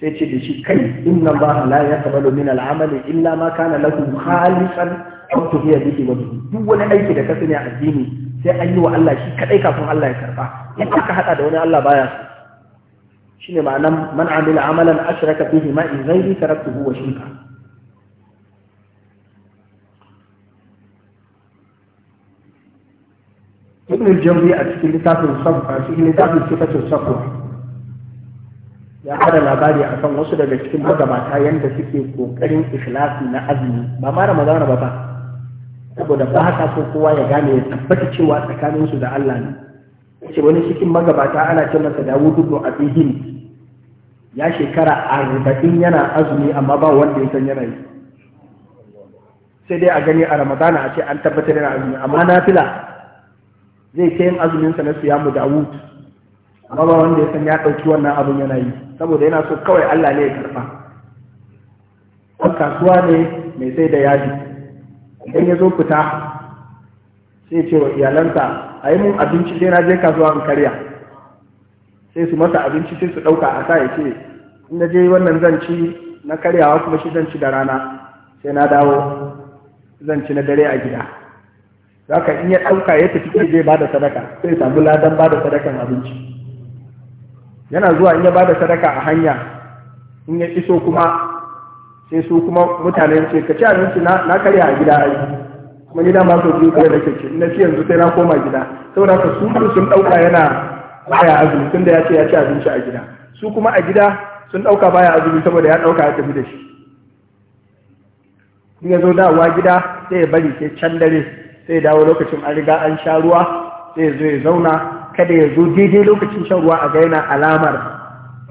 Speaker 1: sai ce da shi kai inna Allah la yaqbalu min al-amali illa ma kana lahu khalisan aw tuhiya bihi wa duk wani aiki da ka sani a addini sai an yi wa Allah shi kadai kafin Allah ya karba in aka hada da wani Allah baya so shine ma'anan man amila amalan ashraka fihi ma'i ghairi taraktuhu wa shirka ibn al-jawzi a cikin littafin safwa cikin littafin sifatun safwa ya bada labari akan wasu daga cikin magabata yanda suke kokarin ikhlasi na azumi ba ma ramadana ba ba saboda ba haka so kowa ya gane ya tabbata cewa tsakanin su da Allah ne ce wani cikin magabata ana ce masa Dawud ibn Abidin ya shekara arba'in yana azumi amma ba wanda ya san yana yi sai dai a gani a ramadana a ce an tabbatar yana azumi amma na fila. zai ta yin azuminsa na siyamu dawud amma ba wanda ya san ya ɗauki wannan abin yana yi saboda yana so kawai allah ne ya karɓa ko kasuwa ne mai sai da yaji idan ya zo fita sai ce wa iyalansa a yi mun abinci sai na je kasuwa in karya sai su masa abinci sai su ɗauka a sa ya ce in na je wannan zan ci na karyawa kuma shi zan ci da rana sai na dawo zan ci na dare a gida zaka in ya ɗauka ya tafi ke zai bada sadaka sai samu ladan bada sadakan abinci yana zuwa in ya bada sadaka a hanya in ya iso kuma sai su kuma mutane ce ka ci abinci na karya a gida ai kuma gida ma so biyu da ke ci na ci yanzu sai na koma gida saboda ka su sun ɗauka yana baya azumi tunda ya ce ya ci abinci a gida su kuma a gida sun ɗauka baya azumi saboda ya ɗauka ya tafi da shi in ya zo dawowa gida sai ya bari sai can dare sai dawo lokacin an riga an sha ruwa sai zo ya zauna kada ya zo daidai lokacin shan ruwa a gaina alamar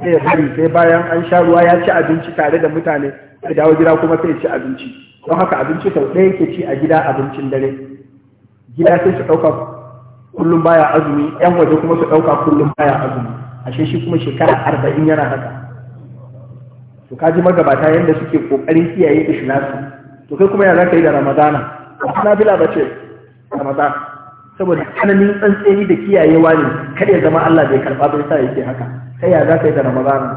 Speaker 1: sai ya bari sai bayan an sha ruwa ya ci abinci tare da mutane sai dawo gida kuma sai ya ci abinci don haka abinci sau ɗaya yake ci a gida abincin dare gida sai su ɗauka kullum baya azumi yan waje kuma su ɗauka kullum baya azumi ashe shi kuma shekara arba'in yana haka to kaji magabata yadda suke ƙoƙarin kiyaye ishinasu to kai kuma ya za ka yi da ramadana ba bila ba ce ramadan saboda tsananin tsantseni da kiyayewa ne kada ya zama Allah bai karɓa bai sa yake haka kai ya za ka yi da ramadana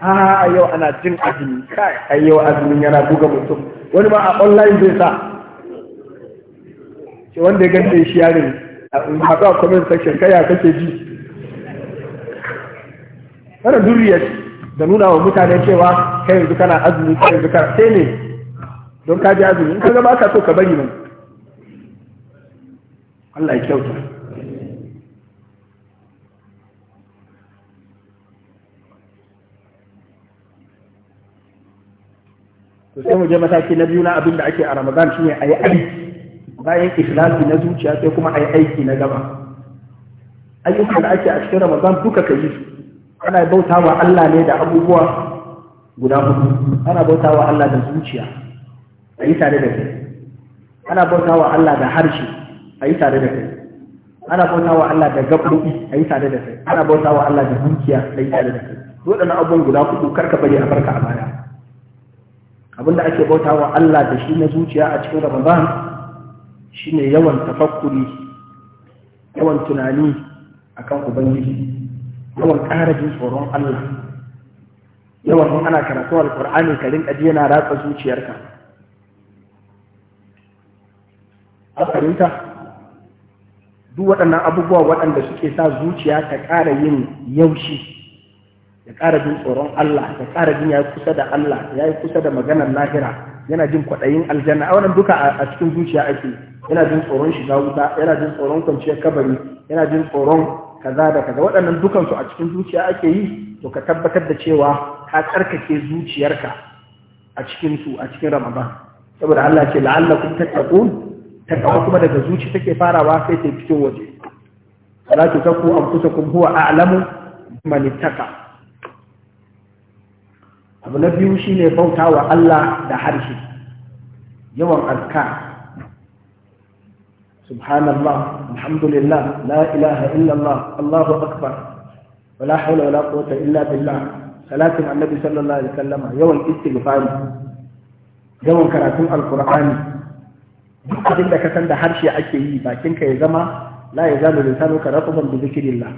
Speaker 1: a yau ana jin azumi kai yau azumin yana buga mutum wani ma a online zai sa ce wanda ya gante shi yare a ba comment section kai ya kake ji kana duriyar da nuna wa mutane cewa kai yanzu kana azumi kai yanzu kana sai ne don ka ji azumi in ka zama ka so ka bari mai Allah ya kyauta to sai mu je mataki na biyu na abin da ake a Ramadan shine ayi aiki bayan ikhlasi na zuciya sai kuma ayi aiki na gaba ayyukan da ake a cikin Ramadan duka ka yi ana bauta wa Allah ne da abubuwa guda hudu ana bauta wa Allah da zuciya a yi tare da kai ana bauta wa Allah da harshe a yi tare da kai ana bauta wa Allah da gaɓoɓi a yi tare da kai ana bauta wa Allah da dukiya a yi tare da kai waɗannan abubuwan guda kuɗu karka bari a barka a baya abinda ake bauta wa Allah da shi na zuciya a cikin Ramadan shine yawan tafakkuri yawan tunani akan ubangiji yawan ƙarajin tsoron Allah yawan in ana karatu alƙur'ani ka rinka ji yana ratsa zuciyarka a karinta duk waɗannan abubuwa waɗanda suke sa zuciya ta ƙara yin yaushi ya ƙara jin tsoron Allah da ƙara jin ya kusa da Allah ya yi kusa da maganar lahira yana jin kwaɗayin aljanna a wannan duka a cikin zuciya ake yana jin tsoron shiga wuta yana jin tsoron kwanciyar kabari yana jin tsoron kaza da kaza waɗannan dukansu a cikin zuciya ake yi to ka tabbatar da cewa ka tsarkake zuciyarka a cikin su a cikin ramadan saboda Allah ce la'allakum tattaqun takawa kuma daga zuci take farawa sai ta fito waje wala tuzakku anfusakum huwa a'lamu man ittaqa abu na biyu shine bautawa Allah da harshe yawan azkar subhanallah alhamdulillah la ilaha illa Allah Allahu akbar wala hawla wala quwwata illa billah salatin annabi sallallahu alaihi wasallam yawan istighfari yawan karatun alqur'ani abin da ka san da harshe ake yi bakinka ya zama la ya zama sanu ka rafaban bi zikrillah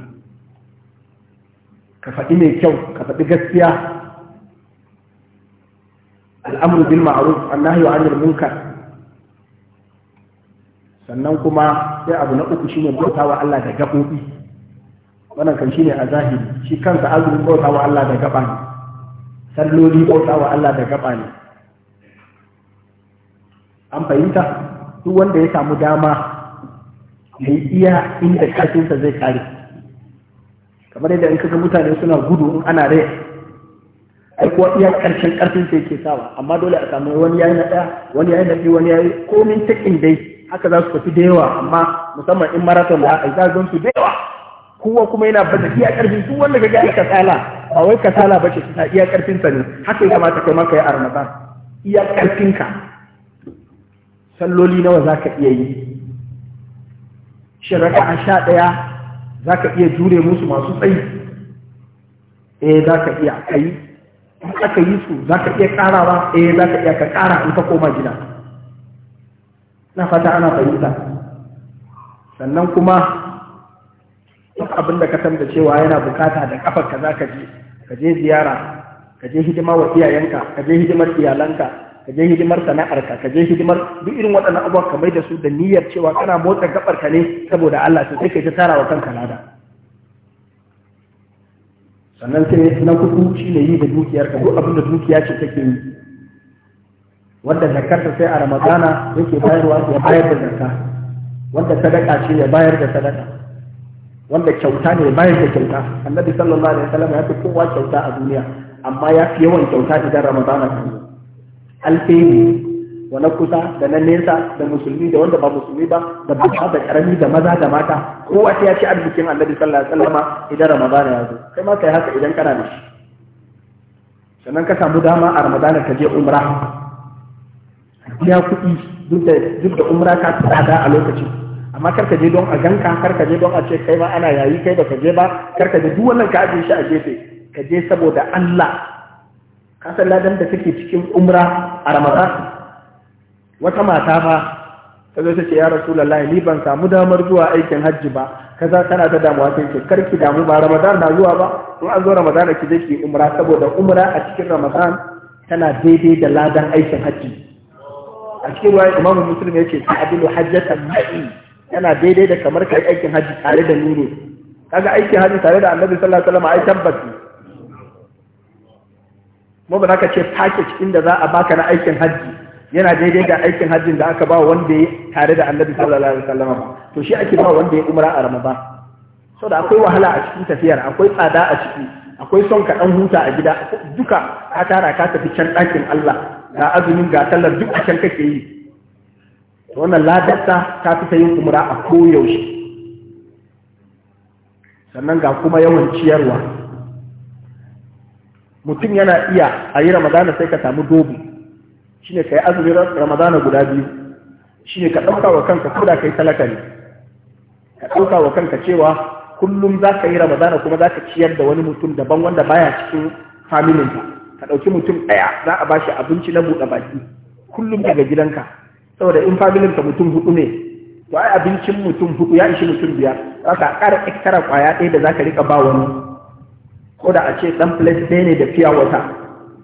Speaker 1: ka faɗi mai kyau ka faɗi gaskiya al'amuru bil ma'ruf annahyu 'anil munkar sannan kuma sai abu na uku shine bautawa Allah da gabobi wannan kan shine a zahiri shi kansa azumin bautawa Allah da gaba ne salloli bautawa Allah da gaba ne an fahimta duk wanda ya samu dama ya yi iya inda ƙarfinsa zai kare kamar yadda in kaga mutane suna gudu in ana rai ai kuwa iya ƙarshen ƙarfinsa yake sawa amma dole a samu wani yayi na ɗaya wani yayi na biyu wani yayi komin cikin dai haka za su tafi da yawa amma musamman in marathon da aka za su da yawa kowa kuma yana bada iya ƙarfin duk wanda kaga ai kasala ba wai kasala ba ce ta iya ƙarfinsa ne haka ya kamata kai maka ya a ramadan iya ƙarfinka salloli nawa za ka iya yi shin a sha ɗaya za ka iya jure musu masu tsayi eh za ka iya a yi in aka yi su za ka iya ƙarawa eh za ka iya ka ƙara in ka koma gida na fata ana fahimta sannan kuma duk abin da ka san cewa yana bukata da kafar ka za ka je ka je ziyara ka je hidima wa iyayenka ka je hidimar iyalanka ka je hidimar sana'arka ka je hidimar duk irin waɗannan abubuwa ka mai da su da niyyar cewa kana motsa gabar ka ne saboda Allah to sai ka ta tara wa kanka lada sannan sai na kudu shine yi da dukiyar ka duk abin da dukiya ce take yi wanda zakarta sai a ramadana yake bayarwa ya bayar da zakka wanda sadaka ce ya bayar da sadaka wanda kyauta ne bayar da kyauta annabi sallallahu alaihi wasallam ya fi kowa kyauta a duniya amma ya fi yawan kyauta idan ramadana ta zo alheri wa na kusa da na nesa da musulmi da wanda ba musulmi ba da babba da karami da maza da mata kowa wata ya ci arzikin annabi sallallahu alaihi wasallama idan ramadan ya zo kai ma kai haka idan kana da shi sannan ka samu dama a ramadan ka je umra biya kuɗi duk da duk da umra ka tsada a lokaci amma karka je don a ganka karka je don a ce kai ma ana yayi kai da ka je ba karka je duk wannan ka ajiye shi a gefe ka je saboda Allah kasar ladan da take cikin umra a ramadan wata mata fa ta zo ta ce ya rasulullahi ni ban samu damar zuwa aikin hajji ba kaza tana ta damuwa ta ce karki damu ba ramadan na zuwa ba in an zo ramadan ki je ki umra saboda umra a cikin ramadan tana daidai da ladan aikin hajji a cikin ruwa imamu muslim ya ce ta'adilu hajjatan ma'i yana daidai da kamar kai aikin hajji tare da ni ne kaga aikin hajji tare da annabi sallallahu alaihi wasallam ai tabbaci kuma ba za ka ce package inda za a baka na aikin hajji yana daidai da aikin hajjin da aka ba wanda ya tare da annabi sallallahu alaihi wasallam ba to shi ake ba wanda ya umra a ramadan saboda akwai wahala a cikin tafiyar akwai tsada a ciki akwai son ka dan huta a gida duka ka tara ka tafi can ɗakin Allah ga azumin ga sallar duk a can kake yi to wannan ladatta ta fi yin umra a koyaushe sannan ga kuma yawan ciyarwa mutum yana iya a yi ramadana sai ka samu dobi ne ka yi azumin ramadana guda biyu Shi ne ka ɗauka wa kanka ko da ka yi talaka ne ka ɗauka wa kanka cewa kullum za ka yi ramadana kuma za ka ciyar da wani mutum daban wanda baya cikin familinka ka ɗauki mutum ɗaya za a bashi abinci na buɗe baki kullum daga gidanka saboda in familinka mutum huɗu ne to ai abincin mutum huɗu ya ishi mutum biyar za ka ƙara ƙara ƙwaya ɗaya da za ka riƙa ba wani ko da a ce ɗan plate ɗaya ne da fiya wata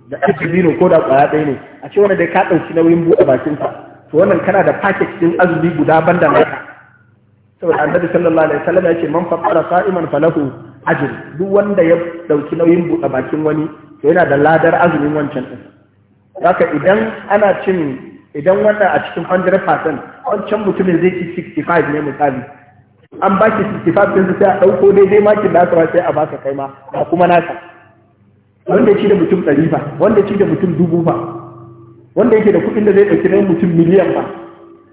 Speaker 1: da ake biro ko da ƙwaya ɗaya ne a ce wanda dai ka ɗauki nauyin buɗe sa to wannan kana da paket ɗin azumi guda ban da mata saboda annabi sallallahu alaihi wasallam ya ce man faqara sa'iman falahu ajr duk wanda ya ɗauki nauyin buɗe bakin wani to yana da ladar azumin wancan ɗin haka idan ana cin idan wannan a cikin 100% wancan mutumin zai ci 65 ne misali an baki ki sifafin sai a ɗauko daidai makin nasa ba sai a baka kai ma ba kuma nasa. wanda ya ci da mutum ɗari ba wanda ya ci da mutum dubu ba wanda yake da kuɗin da zai ɗauki na mutum miliyan ba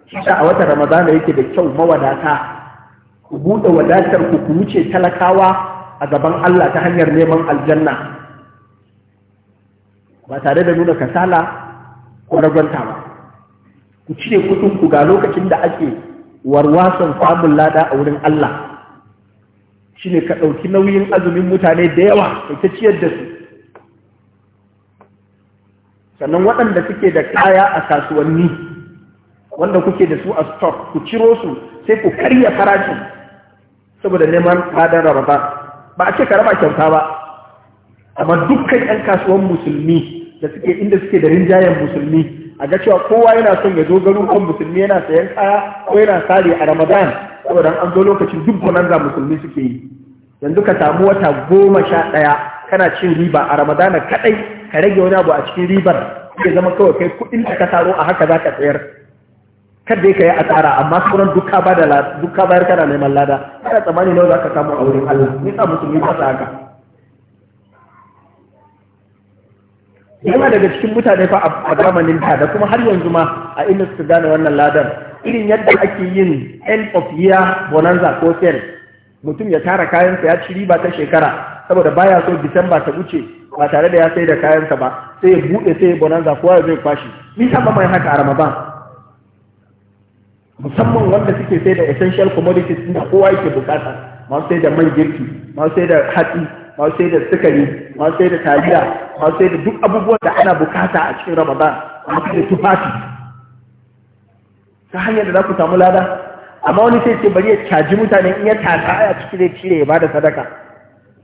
Speaker 1: shi a watan ramadana yake da kyau mawadata ku buɗe wadatar ku ku wuce talakawa a gaban Allah ta hanyar neman aljanna ba tare da nuna kasala ko ragwanta ba ku cire kuɗin ku ga lokacin da ake warwasan samun lada a wurin Allah shine ka ɗauki nauyin azumin mutane da yawa ka ta ciyar da su sannan waɗanda suke da kaya a kasuwanni wanda kuke da su a stock ku ciro su sai ku karya farashin saboda neman fadar rarraba ba a ce ka raba kyauta ba amma dukkan 'yan kasuwan musulmi da suke inda suke da rinjayen musulmi a ga cewa kowa yana son ya zo garin kan musulmi yana sayan kaya ko yana sare a ramadan saboda an zo lokacin duk za musulmi suke yi yanzu ka samu wata goma sha ɗaya kana cin riba a ramadana kaɗai ka rage wani abu a cikin ribar ke zama kawai kai kuɗin da ka taro a haka za ka tsayar kada ka yi asara amma sauran duka ba da bayar kana neman lada kana tsammani nawa za ka samu a wurin Allah ni sa musulmi ba haka yana daga cikin mutane fa a zamanin ta da kuma har yanzu ma a inda su gane wannan ladan irin yadda ake yin end of year bonanza ko sale mutum ya tara kayansa ya ci riba ta shekara saboda baya so disamba ta wuce ba tare da ya sai da kayansa ba sai ya buɗe sai ya bonanza kowa ya zai kwashi ni ba mai haka a ramadan musamman wanda suke sai da essential commodities inda kowa yake bukata masu sai da man girki masu sai da hatsi masu sai da sukari masu sai da taliya masu sai da duk abubuwan da ana bukata a cikin ramadan masu sai da tufafi ta hanyar da za ku samu lada amma wani sai ce bari ya caji mutane in ya tata a ciki zai cire ya bada sadaka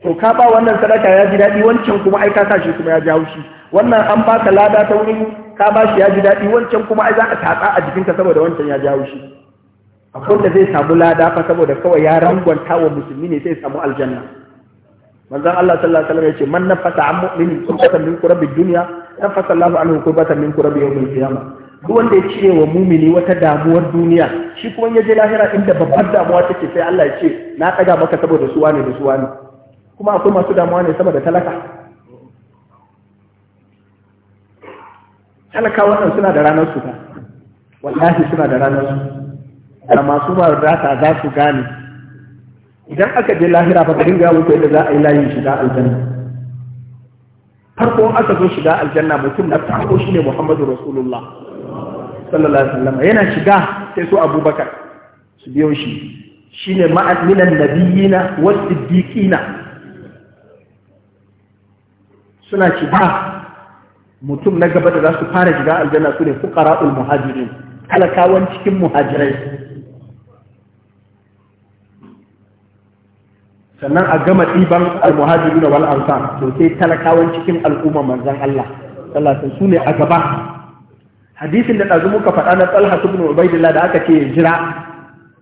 Speaker 1: to ka ba wannan sadaka ya ji daɗi wancan kuma ai ka shi kuma ya ji haushi wannan an ba ka lada ta wurin ka ba shi ya ji daɗi wancan kuma ai za a tatsa a jikinka saboda wancan ya ji haushi akwai da zai samu lada fa saboda kawai ya rangwanta wa musulmi ne sai samu aljanna manzon Allah sallallahu alaihi wasallam ce man nafasa an mu'minin kurbatan min kurabi dunya nafasa Allah anhu kurbatan min kurabi yawmil qiyamah duk wanda ya cire wa mumini wata damuwar duniya shi kuma ya je lahira inda babbar damuwa take sai Allah ya ce na daga maka saboda su ne da su ne kuma akwai masu damuwa ne saboda talaka talaka wannan suna da ranar su ta wallahi suna da ranar su da masu marata za su gane idan aka je lahira fa dinga ya muku yadda za a yi layin shiga aljanna farko aka zo shiga aljanna mutum na farko shine Muhammadu Rasulullah sallallahu alaihi wasallam yana shiga sai su Abubakar su biyo shi Shi shine ma'aminan nabiyina wasu siddiqina suna shiga mutum na gaba da za su fara shiga aljanna su ne fuqara'ul muhajirin talakawan cikin muhajirai sannan a gama ɗiban almuhajirin da wal'ansa, to sai talakawan cikin al'umma manzan, Allah sallallahu su ne a gaba hadisin da ɗazu muka faɗa na talha ibn ubaidillah da aka ce jira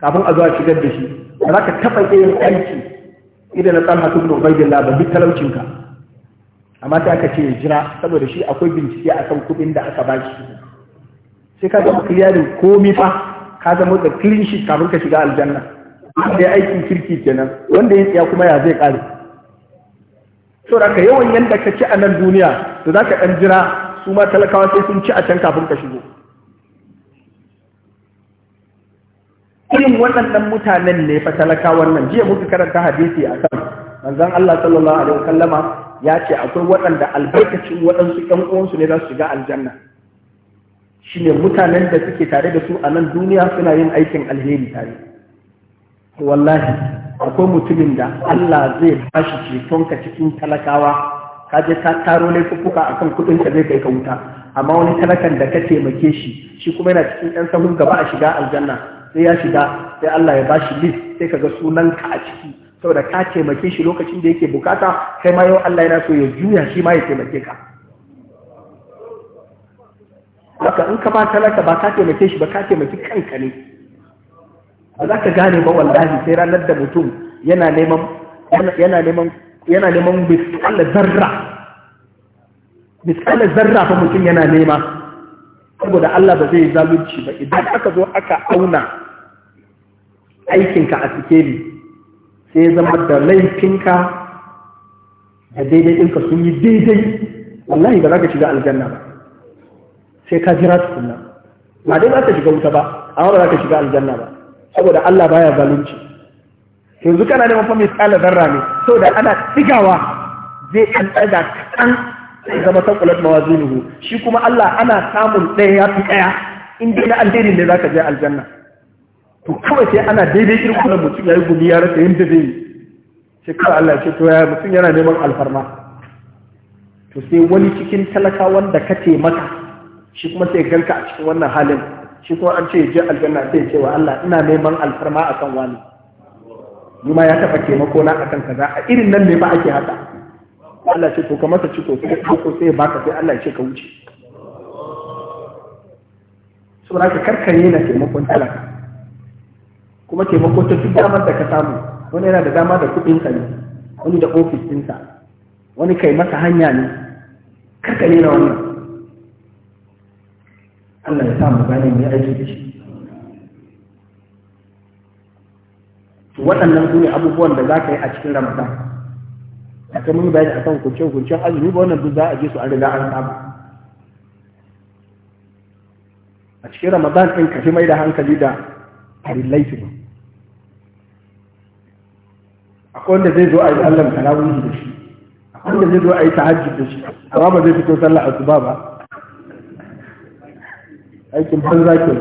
Speaker 1: kafin a zuwa shigar da shi da za ka taɓa yin aiki idan na talha ibn ubaidillah ba bi talaucinka amma sai aka ce jira saboda shi akwai bincike akan kuɗin da aka ba shi sai ka zama kiliyarin komi fa ka zama da clean sheet kafin ka shiga aljanna wanda ya aikin kirki kenan wanda ya tsaya kuma ya zai kare so da ka yawan yanda ka ci a nan duniya da za ka ɗan jira su ma talakawa sai sun ci a can kafin ka shigo irin waɗannan mutanen ne fa talakawan nan jiya muka karanta hadisi a kan manzon Allah sallallahu alaihi wasallama ya ce akwai waɗanda albarkacin waɗansu ƴan uwansu ne za su shiga aljanna shine mutanen da suke tare da su a nan duniya suna yin aikin alheri tare wallahi akwai mutumin da Allah zai bashi ka cikin talakawa ka je ka taro laifuffuka akan kuɗin ka zai kai ka wuta amma wani talakan da ka taimake shi shi kuma yana cikin ɗan sahun gaba a shiga aljanna sai ya shiga sai Allah ya bashi list sai ka ga sunan ka a ciki saboda ka taimake shi lokacin da yake bukata kai ma yau Allah yana so ya juya shi ma ya taimake ka haka in ka ba talaka ba ka taimake shi ba ka taimaki kanka ne ba za ka gane ba wallahi sai ranar da mutum yana neman yana neman yana neman zarra miskala zarra fa mutum yana nema saboda Allah ba zai zalunci ba idan aka zo aka auna aikinka a sikeli sai zama da laifinka da daidai ɗinka sun yi daidai wallahi ba za ka shiga aljanna ba sai ka jira tukunna ba dai za ka shiga wuta ba amma ba za ka shiga aljanna ba saboda Allah baya zalunci yanzu kana neman fa zan rami. Sau da ana tsigawa zai kan ɗaga kan zama sakulat mawazinuhu shi kuma Allah ana samun ɗaya ya fi ɗaya in dai na alheri ne ka je aljanna to kawai sai ana daidai irin kula mutum ya yi gumi ya rasa yadda zai yi shekara Allah ce to ya mutum yana neman alfarma to sai wani cikin talakawan da ka taimaka shi kuma sai ganka a cikin wannan halin shi kuma an ce je aljanna sai ce wa Allah ina neman alfarma a kan wani ni ma ya taba taimako na akan kaza a irin nan ne ba ake haka Allah ce to ka masa ci to ko sai baka sai Allah ya ce ka wuce saboda ka karkare na taimakon talaka kuma taimako ta duk damar da ka samu wani yana da dama da kuɗin ne wani da ofis ɗinsa wani kai masa hanya ne karkare na wannan Allah ya sa mu gane mai aiki da shi waɗannan su ne abubuwan da za ka yi a cikin ramadan a kan mun bayani akan kuncin kuncin azumi ba wannan duk za a je su an riga an saba a cikin ramadan ɗin ka fi mai da hankali da farillai su akwai wanda zai zo a yi Allah tarawih da shi akwai wanda zai zo a yi tahajjud da shi amma ba zai fito sallar asuba ba aikin banza ke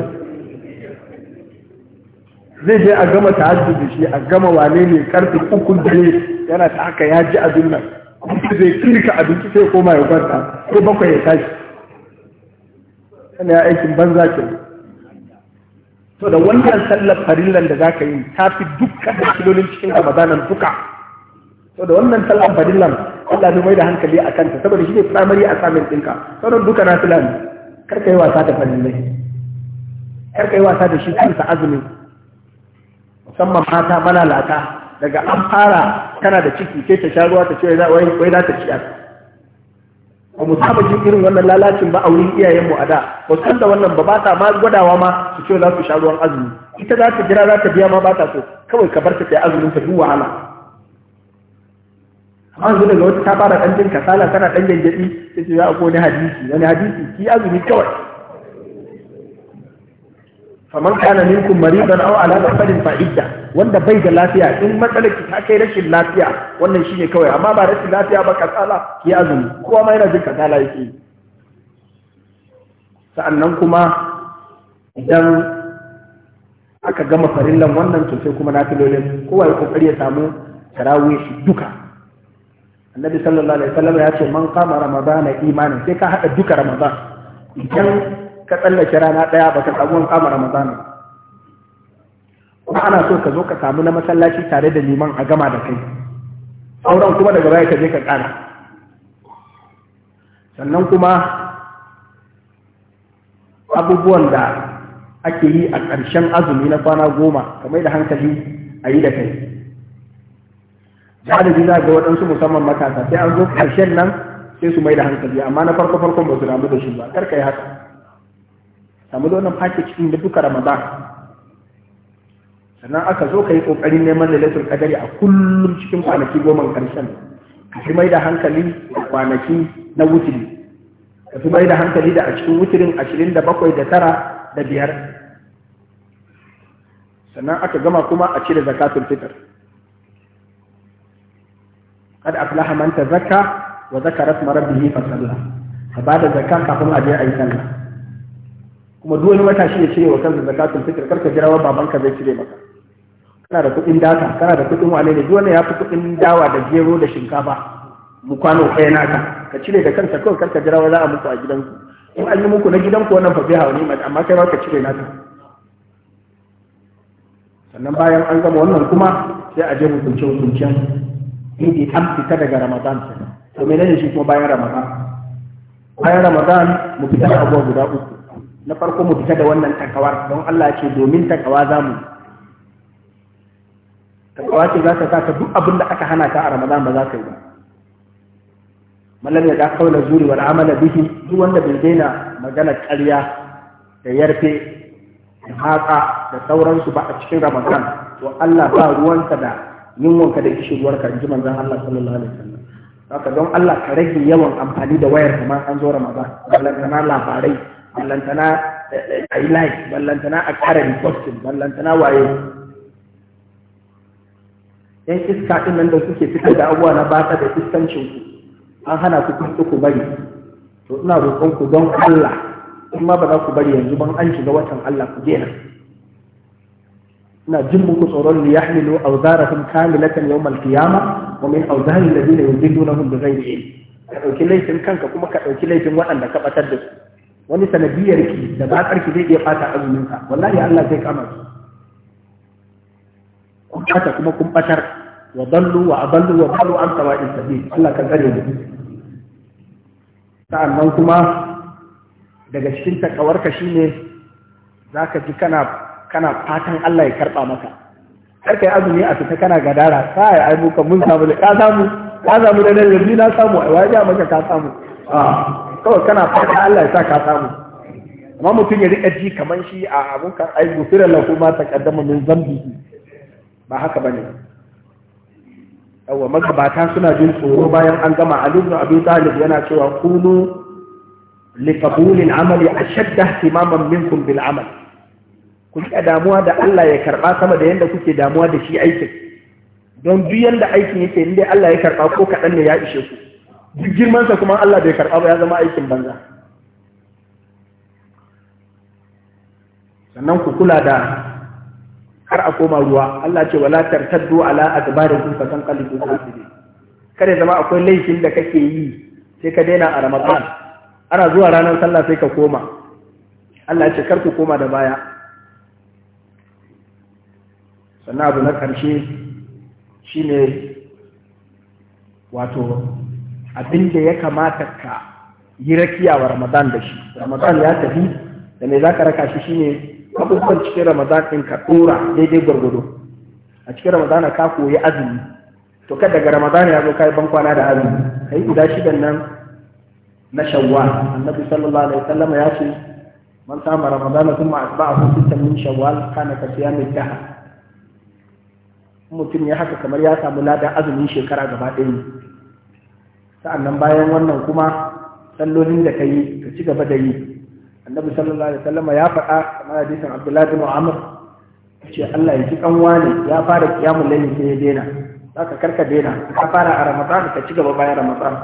Speaker 1: zai je a gama ta da shi a gama wane ne karfe uku dare yana ta haka ya ji abin nan kuma zai kirka abinci sai koma ya kwanta ko bakwai ya tashi yana ya aikin banza ke to da wannan sallar farillan da zaka yi ta fi dukkan da kilolin cikin ramadanan duka to da wannan sallar farillan Allah ne mai da hankali a kanta saboda shi ne primary assignment ɗinka sauran duka na filani kar yi wasa da farillai kar ka yi wasa da shi kansa azumi musamman mata malalata daga an fara tana da ciki sai ta sha ta ce wai za ta ciyar ba mu saba jin irin wannan lalacin ba a wurin iyayenmu a da ba san da wannan ba ba ta ma gwadawa ma su ce za su sha ruwan azumi ita za ta jira za ta biya ma ba ta so kawai ka bar ta ta azumin ta duk wahala amma yanzu daga wata ta fara ɗan jin kasala tana ɗan gyangyaɗi ta ce za a ko wani hadisi wani hadisi ki azumi kawai Kamar kana minkum maridan au ala safarin fa'idda wanda bai da lafiya in matsalar ki ta kai rashin lafiya wannan shine kawai amma ba rashin lafiya ba kasala ki azumi kowa ma yana jin kasala yake sa'annan kuma idan aka gama farillan wannan to sai kuma filolin kowa ya kokari ya samu tarawih duka annabi sallallahu alaihi wasallam ya ce man kama ramadana imanin sai ka hada duka ramadan idan ka tsallake rana daya baka samu kama ramadana kuma ana so ka zo ka samu na masallaci tare da liman a gama da kai sauran kuma daga baya ka je ka kara sannan kuma abubuwan da ake yi a ƙarshen azumi na kwana goma kamar da hankali a yi da kai galibi za ga waɗansu musamman matasa sai an zo ƙarshen nan sai su mai da hankali amma na farko farkon ba su damu da shi ba kar ka yi haka samu zo nan package cikin da duka ramadan sannan aka zo ka yi ƙoƙarin neman laifin ƙadari a kullum cikin kwanaki goma ƙarshen ka fi mai da hankali da kwanaki na wutiri ka fi mai da hankali da a cikin wutirin ashirin da bakwai da tara da biyar sannan aka gama kuma a cire zakatul fitr Kada aflaha man tazakka wa zakara isma rabbih fa salla ka bada zakka kafin a je a yi sallah kuma duk wani matashi ya cire wa kansa zakatul fitr karka jira wa babanka zai cire maka kana da kuɗin daka, kana da kuɗin wane ne duk wani ya fi kuɗin dawa da gero da shinkafa mu kwano ɗaya naka ka cire da kanka kawai karka jira wa za a mutu a gidanku in an yi muku na gidanku wannan fa bai hawa ne amma kai ma ka cire naka sannan bayan an gama wannan kuma sai a je mu hukunce hukuncen yake an fita daga ramadan to me ne shi kuma bayan ramadan bayan ramadan mu fita da abuwa guda uku na farko mu fita da wannan takawar don Allah ce domin takawa za mu takawa ce za ta saka duk abin da aka hana ta a ramadan ba za ka yi ba mallam ya da kaula zuri wal amala bihi duk wanda bai daina magana ƙarya da yarfe da haka da sauransu ba a cikin ramadan to Allah ba ruwansa da Yin wanka da kishirwarka in ji manzan Allah sallallahu alaihi wasallam haka don Allah ka rage yawan amfani da wayar kamar an zo Ramadan ballantana labarai ballantana a yi like ballantana a ƙara reposting ballantana waye yan iska ɗin nan da suke fitar da abuwa na bata da iskancin ku an hana ku kun ku bari to ina roƙon ku don Allah kuma ba za ku bari yanzu ban an shiga watan Allah ku nan ina jin muku tsoron li yahmilu awzarahum kamilatan yawm al-qiyamah wa min awzari alladhina yudillunahum bighayri ilm ka dauki laifin kanka kuma ka dauki laifin waɗanda ka batar da su wani sanadiyar ki da ba karki zai iya fata azumin ka wallahi Allah zai kama su kun fata kuma kun batar wa dallu wa adallu wa dalu an sawa'il sabil Allah ka tsare mu sa'annan kuma daga cikin takawarka shine zaka ji kana kana fatan Allah ya karɓa maka karkai azumi a fita kana gadara kai ai muka mun samu ka samu ka samu da nan yanzu na samu ai waje maka ka samu a ah, kawai kana fatan Allah ya sa ka samu amma mutum ya rika ji kaman shi a abun kan ai gufira lahu ma taqaddama min zambihi ba haka bane yawwa magabata suna jin tsoro bayan an gama Ali ibn Abi Talib yana cewa kunu li qabulil amali ashadda ihtimaman minkum bil amali ku rika damuwa da Allah ya karɓa sama da yadda kuke damuwa da shi aikin don duk yadda aikin yake inda Allah ya karɓa ko kaɗan ne ya ishe ku duk girmansa kuma Allah bai karɓa ba ya zama aikin banza sannan ku kula da har a koma ruwa Allah ce wala tartaddu ala adbarikum fa tanqalibu khasirin kare zama akwai laifin da kake yi sai ka daina a Ramadan ana zuwa ranar sallah sai ka koma Allah ce kar ku koma da baya sannan abu na ƙarshe shine wato abin ya kamata ka yi rakiya wa ramadan da shi ramadan ya tafi da mai zaka raka shi shine abubuwan cikin ramadan ɗin ka ɗora daidai gwargwado a cikin ramadan ka koyi azumi to kada daga ramadan ya zo kai ban kwana da azumi kai guda shidan nan na shawwal annabi sallallahu alaihi wasallam ya ce man sama ramadan thumma asba'ahu sittan min shawwal kana ka siyamid dahar mutum ya haka kamar ya samu ladan azumin shekara gaba ɗaya sa'annan bayan wannan kuma sallolin da ka yi ka ci gaba da yi annabi sallallahu alaihi wasallam ya faɗa kamar hadisin abdullahi bin amr ce Allah ya ji kanwa wani ya fara kiyamul layli sai ya daina zaka karka daina ka fara a ramadan ka ci gaba bayan ramadan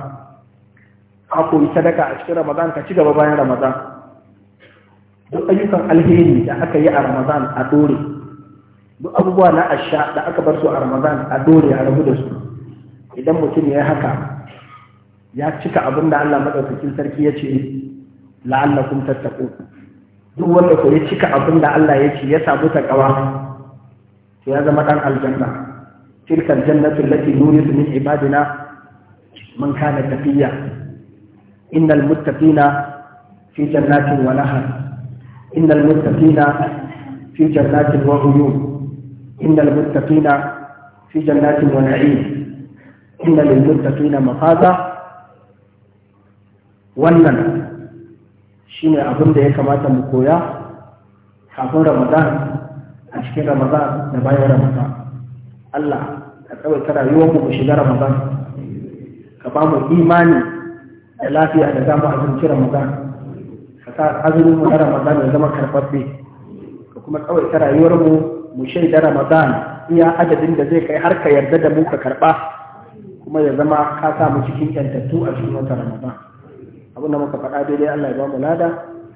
Speaker 1: ka koyi sadaka a cikin ramadan ka ci gaba bayan ramadan duk ayyukan alheri da aka yi a ramadan a dore duk abubuwa na asha da aka bar su a ramadan a dole a rabu da su idan mutum ya yi haka ya cika abin da Allah madaukakin sarki ya ce la'allakum tattaqu duk wanda ko ya cika abin da Allah ya ce ya samu takawa to ya zama dan aljanna tilka aljannatu allati nurisu min ibadina man kana taqiya innal muttaqina في جنات ونهر إن المتقين في جنات وعيون إن المتقين في جنات ونعيم إن للمتقين مفازا wannan shine abin da ya kamata mu koya kafin ramadan a cikin ramadan da bayan ramadan Allah ka tsawaita rayuwarmu mu shiga ramadan ka ba mu imani da lafiya da zama azumci ramadan ka sa azumin mu na ramadan ya zama karfafe ka kuma tsawaita rayuwarmu mu shaida ramadan iya adadin da zai kai har ka yarda da mu ka karɓa kuma ya zama ka mu cikin yantattu a cikin wata ramadan abinda muka faɗa daidai Allah ya ba mu lada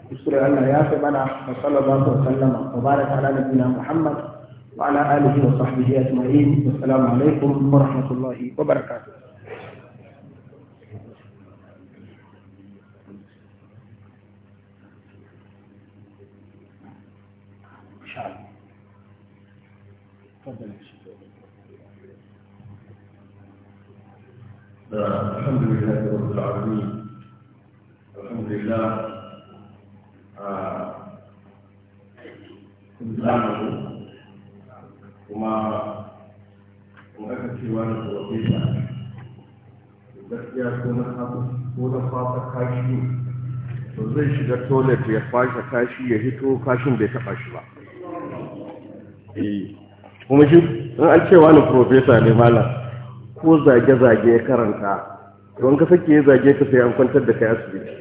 Speaker 1: kuskure Allah ya fi mana wa sallallahu wa sallama wa Muhammad wa ala alihi wa sahbihi ajma'in assalamu alaikum wa rahmatullahi wa barakatuh تفضل
Speaker 2: الحمد لله رب العالمين الحمد لله kun samu kuma kuma aka cewa na tsofe ta gaskiya ko na ko na fata kashi to zai shiga toilet ya fashe kashi ya hito kashin bai taba shi ba eh kuma shi in an cewa ni profesa ne malam ko zage-zage ya karanta don ka sake ya zage ka sai an kwantar da kai asibiti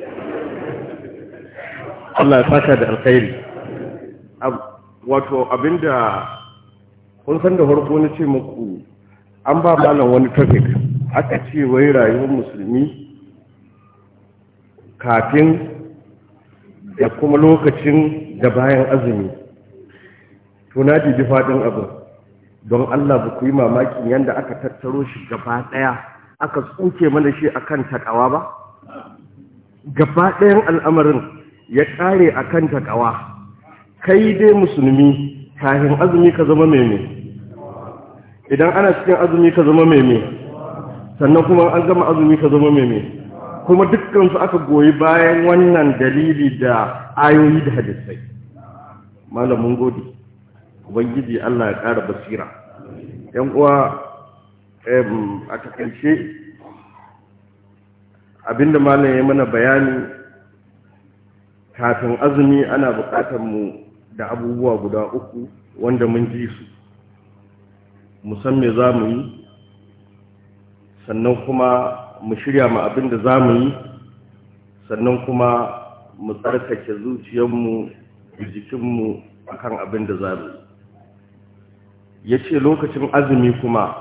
Speaker 2: Allah ya saka da alkhairi wato abinda kun san da farko na ce muku an ba malam wani topic aka ce wai rayuwar musulmi kafin da kuma lokacin da bayan azumi to na ji faɗin abin don Allah ba ku yi mamakin yadda aka tattaro shi gaba ɗaya aka tsuke mana shi a akan taƙawa ba gaba ɗayan al'amarin ya ƙare a akan takawa kai dai musulmi kafin azumi ka zama meme idan ana cikin azumi ka zama meme sannan kuma an gama azumi ka zama meme kuma dukkansu aka goyi bayan wannan dalili da ayoyi da hadisai malamin gode ubangiji Allah ya ƙara basira yan uwa a takaice abinda malam ya mana bayani kafin azumi ana buƙatar mu da abubuwa guda uku wanda mun ji su musamman za mu yi sannan kuma mu shirya ma abin da za mu yi sannan kuma mu tsarkake zuciyarmu da jikinmu akan abin da za mu yi ya ce lokacin azumi kuma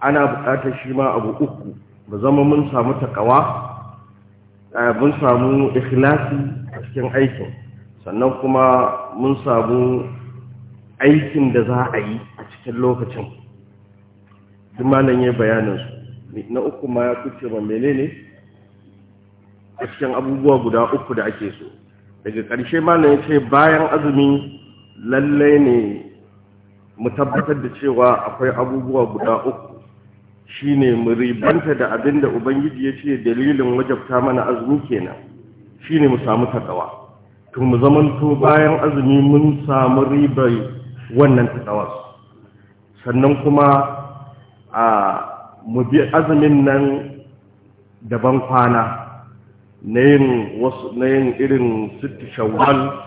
Speaker 2: ana buƙatar shi ma abu uku ba zama mun samu takawa mun samu ikhlasi a cikin aikin sannan kuma mun samu aikin da za a yi a cikin lokacin duk malam ya bayanin su na uku ma ya kuce ma menene a cikin abubuwa guda uku da ake so daga ƙarshe malam ya ce bayan azumi lallai ne mu tabbatar da cewa akwai abubuwa guda uku shine mu ribanta da abin da ubangiji ya ce dalilin wajabta mana azumi kenan shine mu samu takawa to mu zamanto bayan azumi mun samu ribar wannan takawar sannan kuma a mu bi azumin nan daban kwana na yin na yin irin sitti shawwal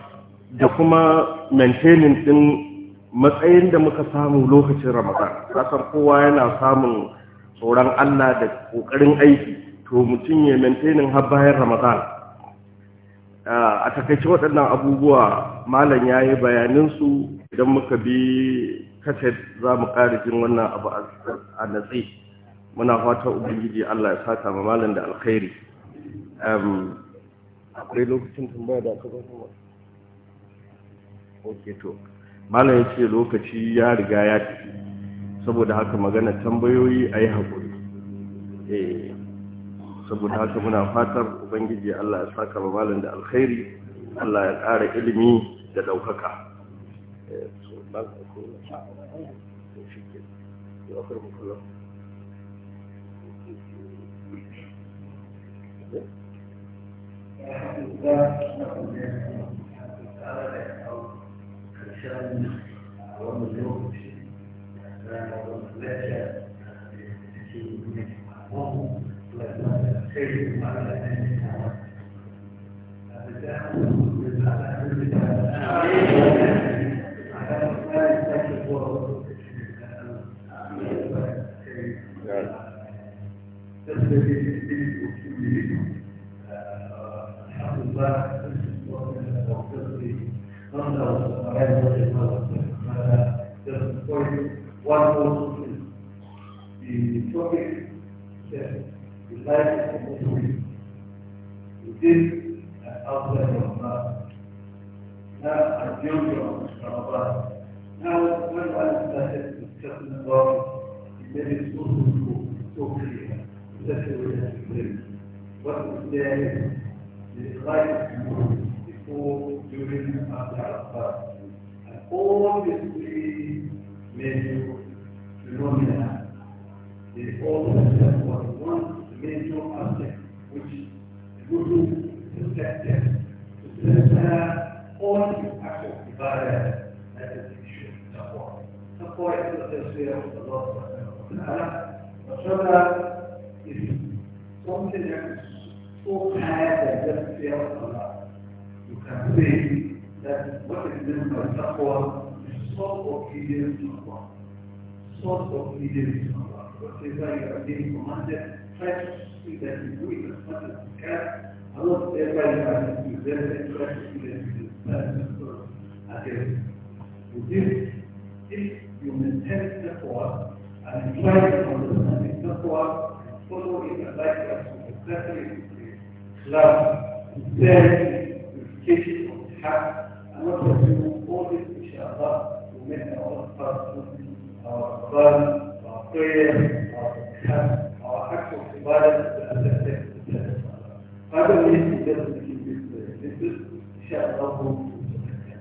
Speaker 2: da kuma maintaining din matsayin da muka samu lokacin ramadan kasan kowa yana samun tsoron allah da ƙoƙarin aiki to mutum ya maintainin har bayan ramadan a takaice waɗannan abubuwa malam ya yi bayaninsu idan muka bi kaset za mu ƙara jin wannan abu a natsi muna fata ubangiji allah ya saka ma malam da alkhairi akwai lokacin tambaya da aka ba ok to malam ya ce lokaci ya riga ya tafi saboda haka magana tambayoyi a yi haƙuri eh, saboda haka muna fatar ubangiji allah ya saka malam da alkhairi allah ya ƙara ilimi da ɗaukaka eh,
Speaker 3: Thank you. شأن وضع الوقت فلك تكون معهم duty of Now, when I started discussing about it, that is so so clear, that we have to bring. right before, during, after And all these three major phenomena, all have one which the Guru is affected to قال لا تنسي التقوى التقوى عند تفسير الله سبحانه وتعالى وصلى ممكن ان فوق هذا تفسير الله يكفيه لكن واحد منهم التقوى الصوت في التقوى الصوت في التقوى وكذلك يعطيكم هذا فإذا تكون الصلاة الكافية الله سيبقى يعلم ذلك فإذا again. With this, if you maintain taqwa and try to understand taqwa and follow it and like us with exactly love, instead with kitchen of heart, and what we all this inshallah, will make our fasting, our fun, our prayer, our heart, our acts of ibadah, and the other means, it doesn't give this, is inshallah,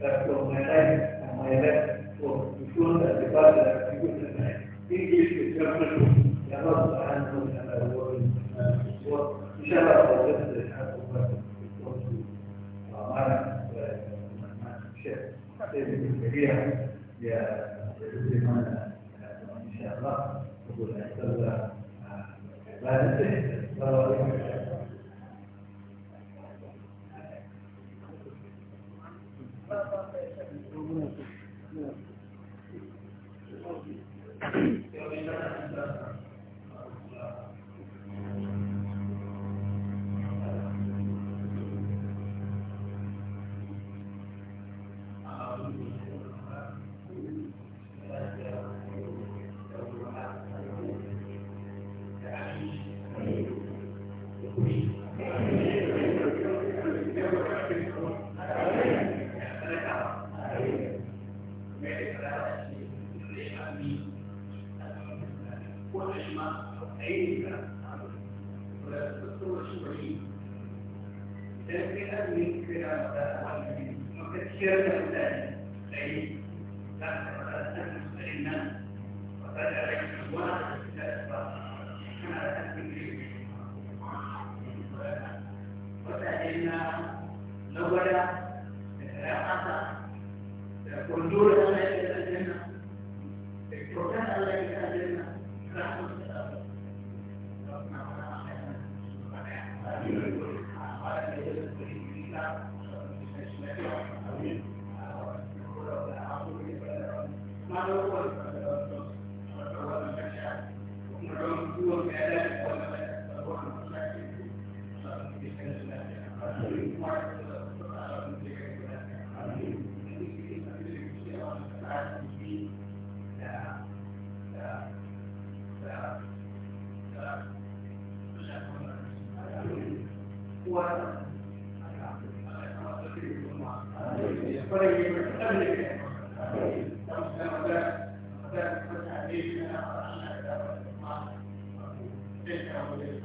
Speaker 3: performance and my left for to show that the part that you can English is comfortable. They are not handled and are working. So, inshallah, for this, they have to work to my chef. They will be here. Yeah, they will be on inshallah. وقل أحسن الله عبادته Thank you. still Yeah.